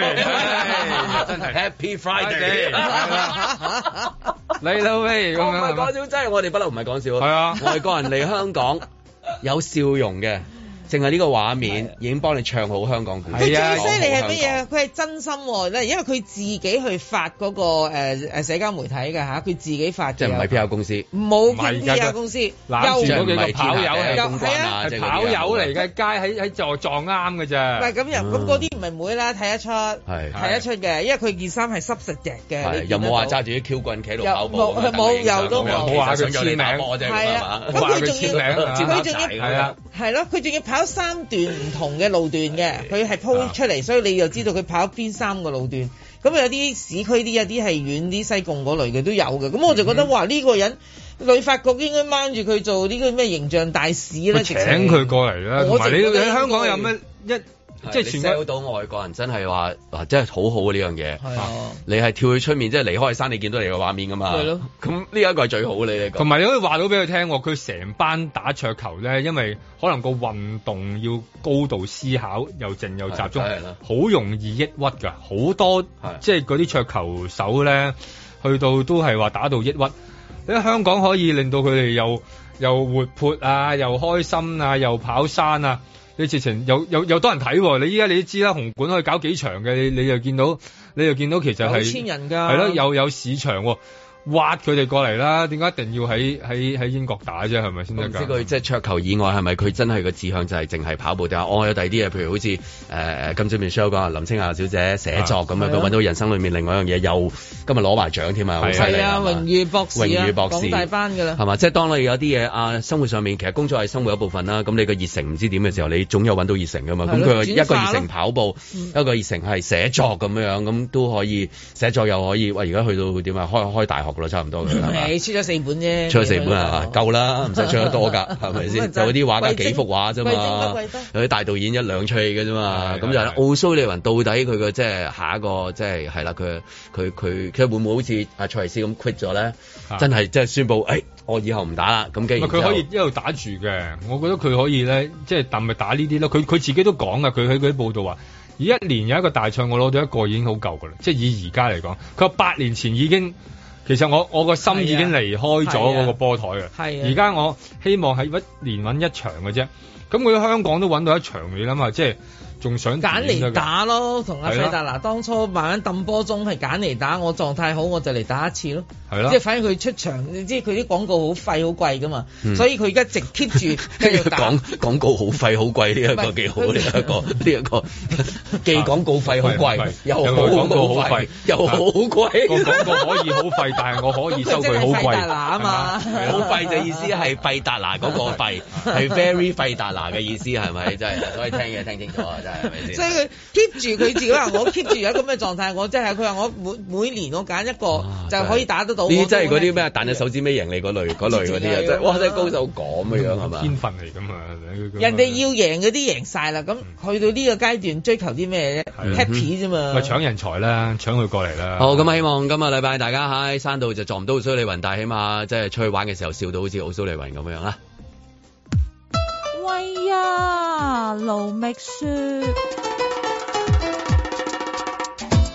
真係 Happy Friday <laughs> <laughs> <laughs> 。你老味，唔係講笑，真 <laughs> 係我哋不嬲唔係講笑。係啊，外國人嚟香港 <laughs> 有笑容嘅。淨係呢個畫面已經幫你唱好香港故事。佢、啊、最犀利係乜嘢？佢係真心咧，因為佢自己去發嗰個社交媒體嘅嚇，佢自己發嘅。即唔係 PR 公司？冇 PR 公，公司。又唔係、啊、跑友係公關啊？係啊，就是、跑友嚟嘅街喺喺撞撞啱嘅啫。唔係咁又咁嗰啲唔係妹啦，睇得出，睇得出嘅，因為佢件衫係濕成隻嘅。有冇話揸住啲鉤棍企度跑步？冇冇，有都冇。話佢簽名啫嘛。咁佢仲要佢仲要係啊？係咯，佢仲、啊、要三段唔同嘅路段嘅，佢係鋪出嚟，所以你就知道佢跑邊三個路段。咁有啲市區啲，有啲係遠啲西貢嗰類嘅，都有嘅。咁我就覺得哇，呢、呢個人旅發局應該掹住佢做呢個咩形象大使咧，佢請佢過嚟啦。我係你你，你香港有咩一？即係傳遞到外國人，真係話嗱，真係好好啊！呢樣嘢，你係跳去出面，即係離開山，你見到你個畫面噶嘛？係咯、啊。咁呢一個係最好嘅你咧。同埋你可以話到俾佢聽，佢成班打桌球咧，因為可能個運動要高度思考，又靜又集中，好、啊啊、容易抑鬱噶。好多即係嗰啲桌球手咧，去到都係話打到抑鬱。喺香港可以令到佢哋又又活潑啊，又開心啊，又跑山啊。你直情有有有多人睇喎、哦！你依家你都知啦，紅館可以搞幾場嘅，你你又見到，你又見到其實係五千人㗎，係咯，又有，有市場喎、哦。挖佢哋過嚟啦！點解一定要喺喺喺英國打啫？係咪先得㗎？即係桌球以外，係咪佢真係個志向就係淨係跑步？定我有第二啲嘢，譬如好似誒今朝面 show 林青霞小姐寫作咁、啊、樣，佢揾、啊、到人生裏面另外一樣嘢，又今日攞埋獎添啊！係啊，榮譽，、啊、譽博士，榮譽博士大班㗎啦，係嘛？即、就、係、是、當你有啲嘢啊，生活上面其實工作係生活一部分啦。咁你個熱誠唔知點嘅時候，你總有揾到熱誠㗎嘛？咁佢、啊、一個熱誠跑步，一個熱誠係寫作咁樣樣，咁都可以寫作又可以喂，而、哎、家去到點啊？開開大學。差唔多嘅，係咪？出咗四本啫，出咗四本啊，啊夠啦，唔使出多、 <laughs> 嗯、得多噶，係咪先？有啲畫家幾幅畫啫嘛，有啲大導演一兩齣戲嘅啫嘛，咁、嗯嗯、就係、是、啦。奧、嗯、蘇利文到底佢嘅即係下一個，即係係啦，佢佢佢，佢會唔會好似阿蔡慧斯咁 quit 咗咧？真係即係宣布，誒、哎，我以後唔打啦，咁嘅意思。佢可以一路打住嘅，我覺得佢可以咧，即係但咪打呢啲咯。佢佢自己都講嘅，佢喺嗰啲報道話，一年有一個大賽，我攞咗一個已經好夠嘅啦。即係以而家嚟講，佢話八年前已經，其實我我個心已經離開咗嗰個波台喇，而家、啊啊啊、我希望喺一年搵一場嘅啫。咁佢香港都搵到一場，你諗下，即係仲想揀嚟打咯？同阿費達拿、啊，當初慢慢揼波鐘係揀嚟打，我狀態好，我就嚟打一次咯。係啦、啊，即係反正佢出場，即係佢啲廣告好廢好貴噶嘛、嗯，所以佢而家直 keep 住跟住打廣告好廢好貴呢一、呢個幾好？呢、呢、一個呢一、呢個寄、呢個、廣告費好貴，啊、又好廣告好貴，又好貴我廣告可以好費。 <laughs> 但係我可以收佢好貴啊嘛，好 <laughs> 貴就意思係費達拿嗰個費，係 <laughs> very 費達拿嘅意思係咪？真 <laughs> 係、就是，所以聽嘢聽清楚啊，真係。 <laughs> 所以佢 keep 住佢自己話， <laughs> 我 keep 住喺咁嘅狀態， <laughs> 我真係佢話我每每年我揀一個就可以打得到。呢啲真係嗰啲咩彈你手指尾贏你嗰類嗰啲啊真係， <laughs> <laughs> 哇真係、就是、高手講咁嘅樣係嘛？天分嚟㗎嘛，人哋要贏嗰啲贏晒啦，咁 <laughs> 去到呢個階段追求啲咩 happy 啫嘛。咪、 <laughs> 嗯、哼笑搶人才啦，搶佢過嚟啦。好，咁希望今日禮拜大家 hi 山度就撞唔到蘇利雲，但起碼即係出去玩嘅時候笑到好似奧蘇利雲咁樣啦。喂呀，盧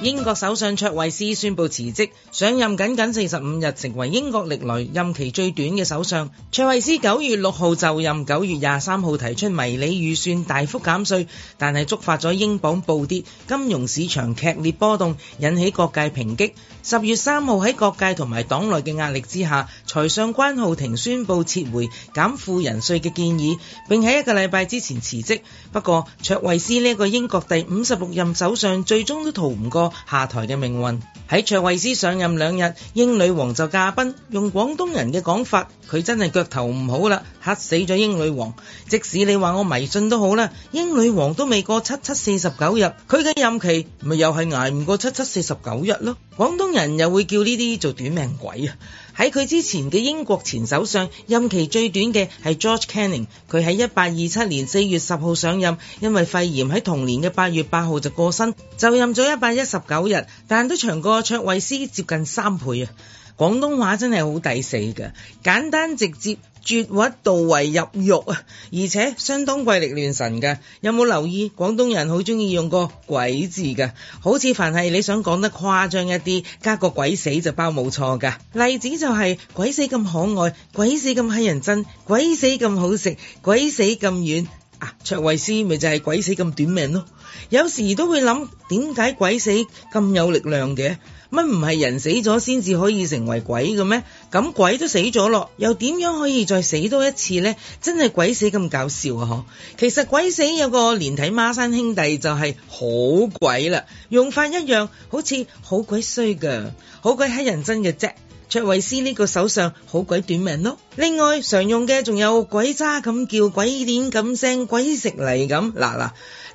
英國首相卓慧斯宣布辭職，上任僅僅四十五日，成為英國歷來任期最短嘅首相。卓慧斯九月六號就任，九月廿三號提出迷你預算大幅減稅，但係觸發咗英鎊暴跌，金融市場劇烈波動，引起各界抨擊。十月三號喺各界同埋黨內嘅壓力之下，財相關浩庭宣布撤回減富人稅嘅建議，並喺一個禮拜之前辭職。不過卓慧斯呢個英國第五十六任首相最終都逃唔過。下台嘅命運喺卓慧思上任兩日，英女王就駕崩。用廣東人嘅講法，佢真係腳頭唔好啦，吓死咗英女王。即使你話我迷信都好啦，英女王都未過七七四十九日，佢嘅任期咪又係捱唔過七七四十九日咯。廣東人又會叫呢啲做短命鬼啊！喺佢之前嘅英國前首相，任期最短嘅係 George Canning，佢喺一八二七年四月十號上任，因為肺炎喺同年嘅八月八號就過身，就任咗一百一十九日，但都長過卓慧思接近三倍啊。廣東話真係好抵死㗎，簡單直接，絕核到位，入肉啊！而且相當怪力亂神㗎。有冇留意廣東人好鍾意用個鬼字㗎？好似凡係你想講得誇張一啲，加個鬼死就包冇錯㗎。例子就係、是、鬼死咁可愛，鬼死咁乞人憎，鬼死咁好食，鬼死咁遠。啊！卓惠斯咪就係鬼死咁短命咯。有時都會諗點解鬼死咁有力量嘅？乜唔係人死咗先至可以成為鬼嘅咩？咁鬼都死咗咯，又點樣可以再死多一次咧？真係鬼死咁搞笑啊！嗬，其實鬼死有個連體孖生兄弟就係好鬼啦，用法一樣，好似好鬼衰噶，好鬼乞人憎嘅啫。卓慧思呢個首相好鬼短命咯。另外常用嘅仲有鬼渣咁叫、鬼臉咁聲、鬼食泥咁。嗱嗱，呢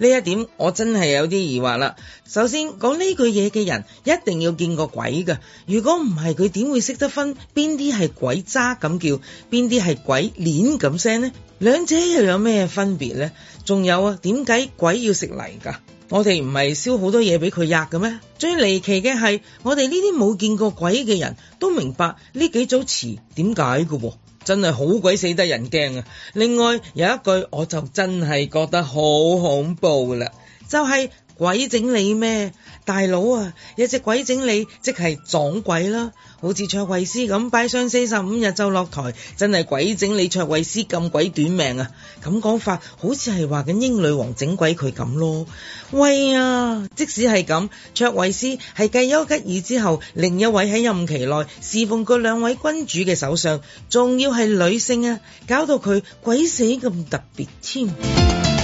一點我真係有啲疑惑啦。首先講呢句嘢嘅人一定要見過鬼㗎，如果唔係，佢點會識得分邊啲係鬼渣咁叫，邊啲係鬼臉咁聲呢？兩者又有咩分別呢？仲有啊，點解鬼要食泥㗎？我哋唔係燒好多嘢俾佢壓嘅咩？最離奇嘅係，我哋呢啲冇見過鬼嘅人都明白呢幾組詞點解嘅喎，真係好鬼死得人驚啊！另外有一句我就真係覺得好恐怖啦，就係。鬼整你咩？大佬啊，有隻鬼整你即係撞鬼啦，好似卓慧思咁，擺上四十五日就落台，真係鬼整你卓慧思咁鬼短命啊！咁講法好似係話緊英女王整鬼佢咁咯，喂啊！即使係咁，卓慧思係繼丘吉爾之後另一位喺任期內侍奉過兩位君主嘅首相，仲要係女性啊，搞到佢鬼死咁特別添。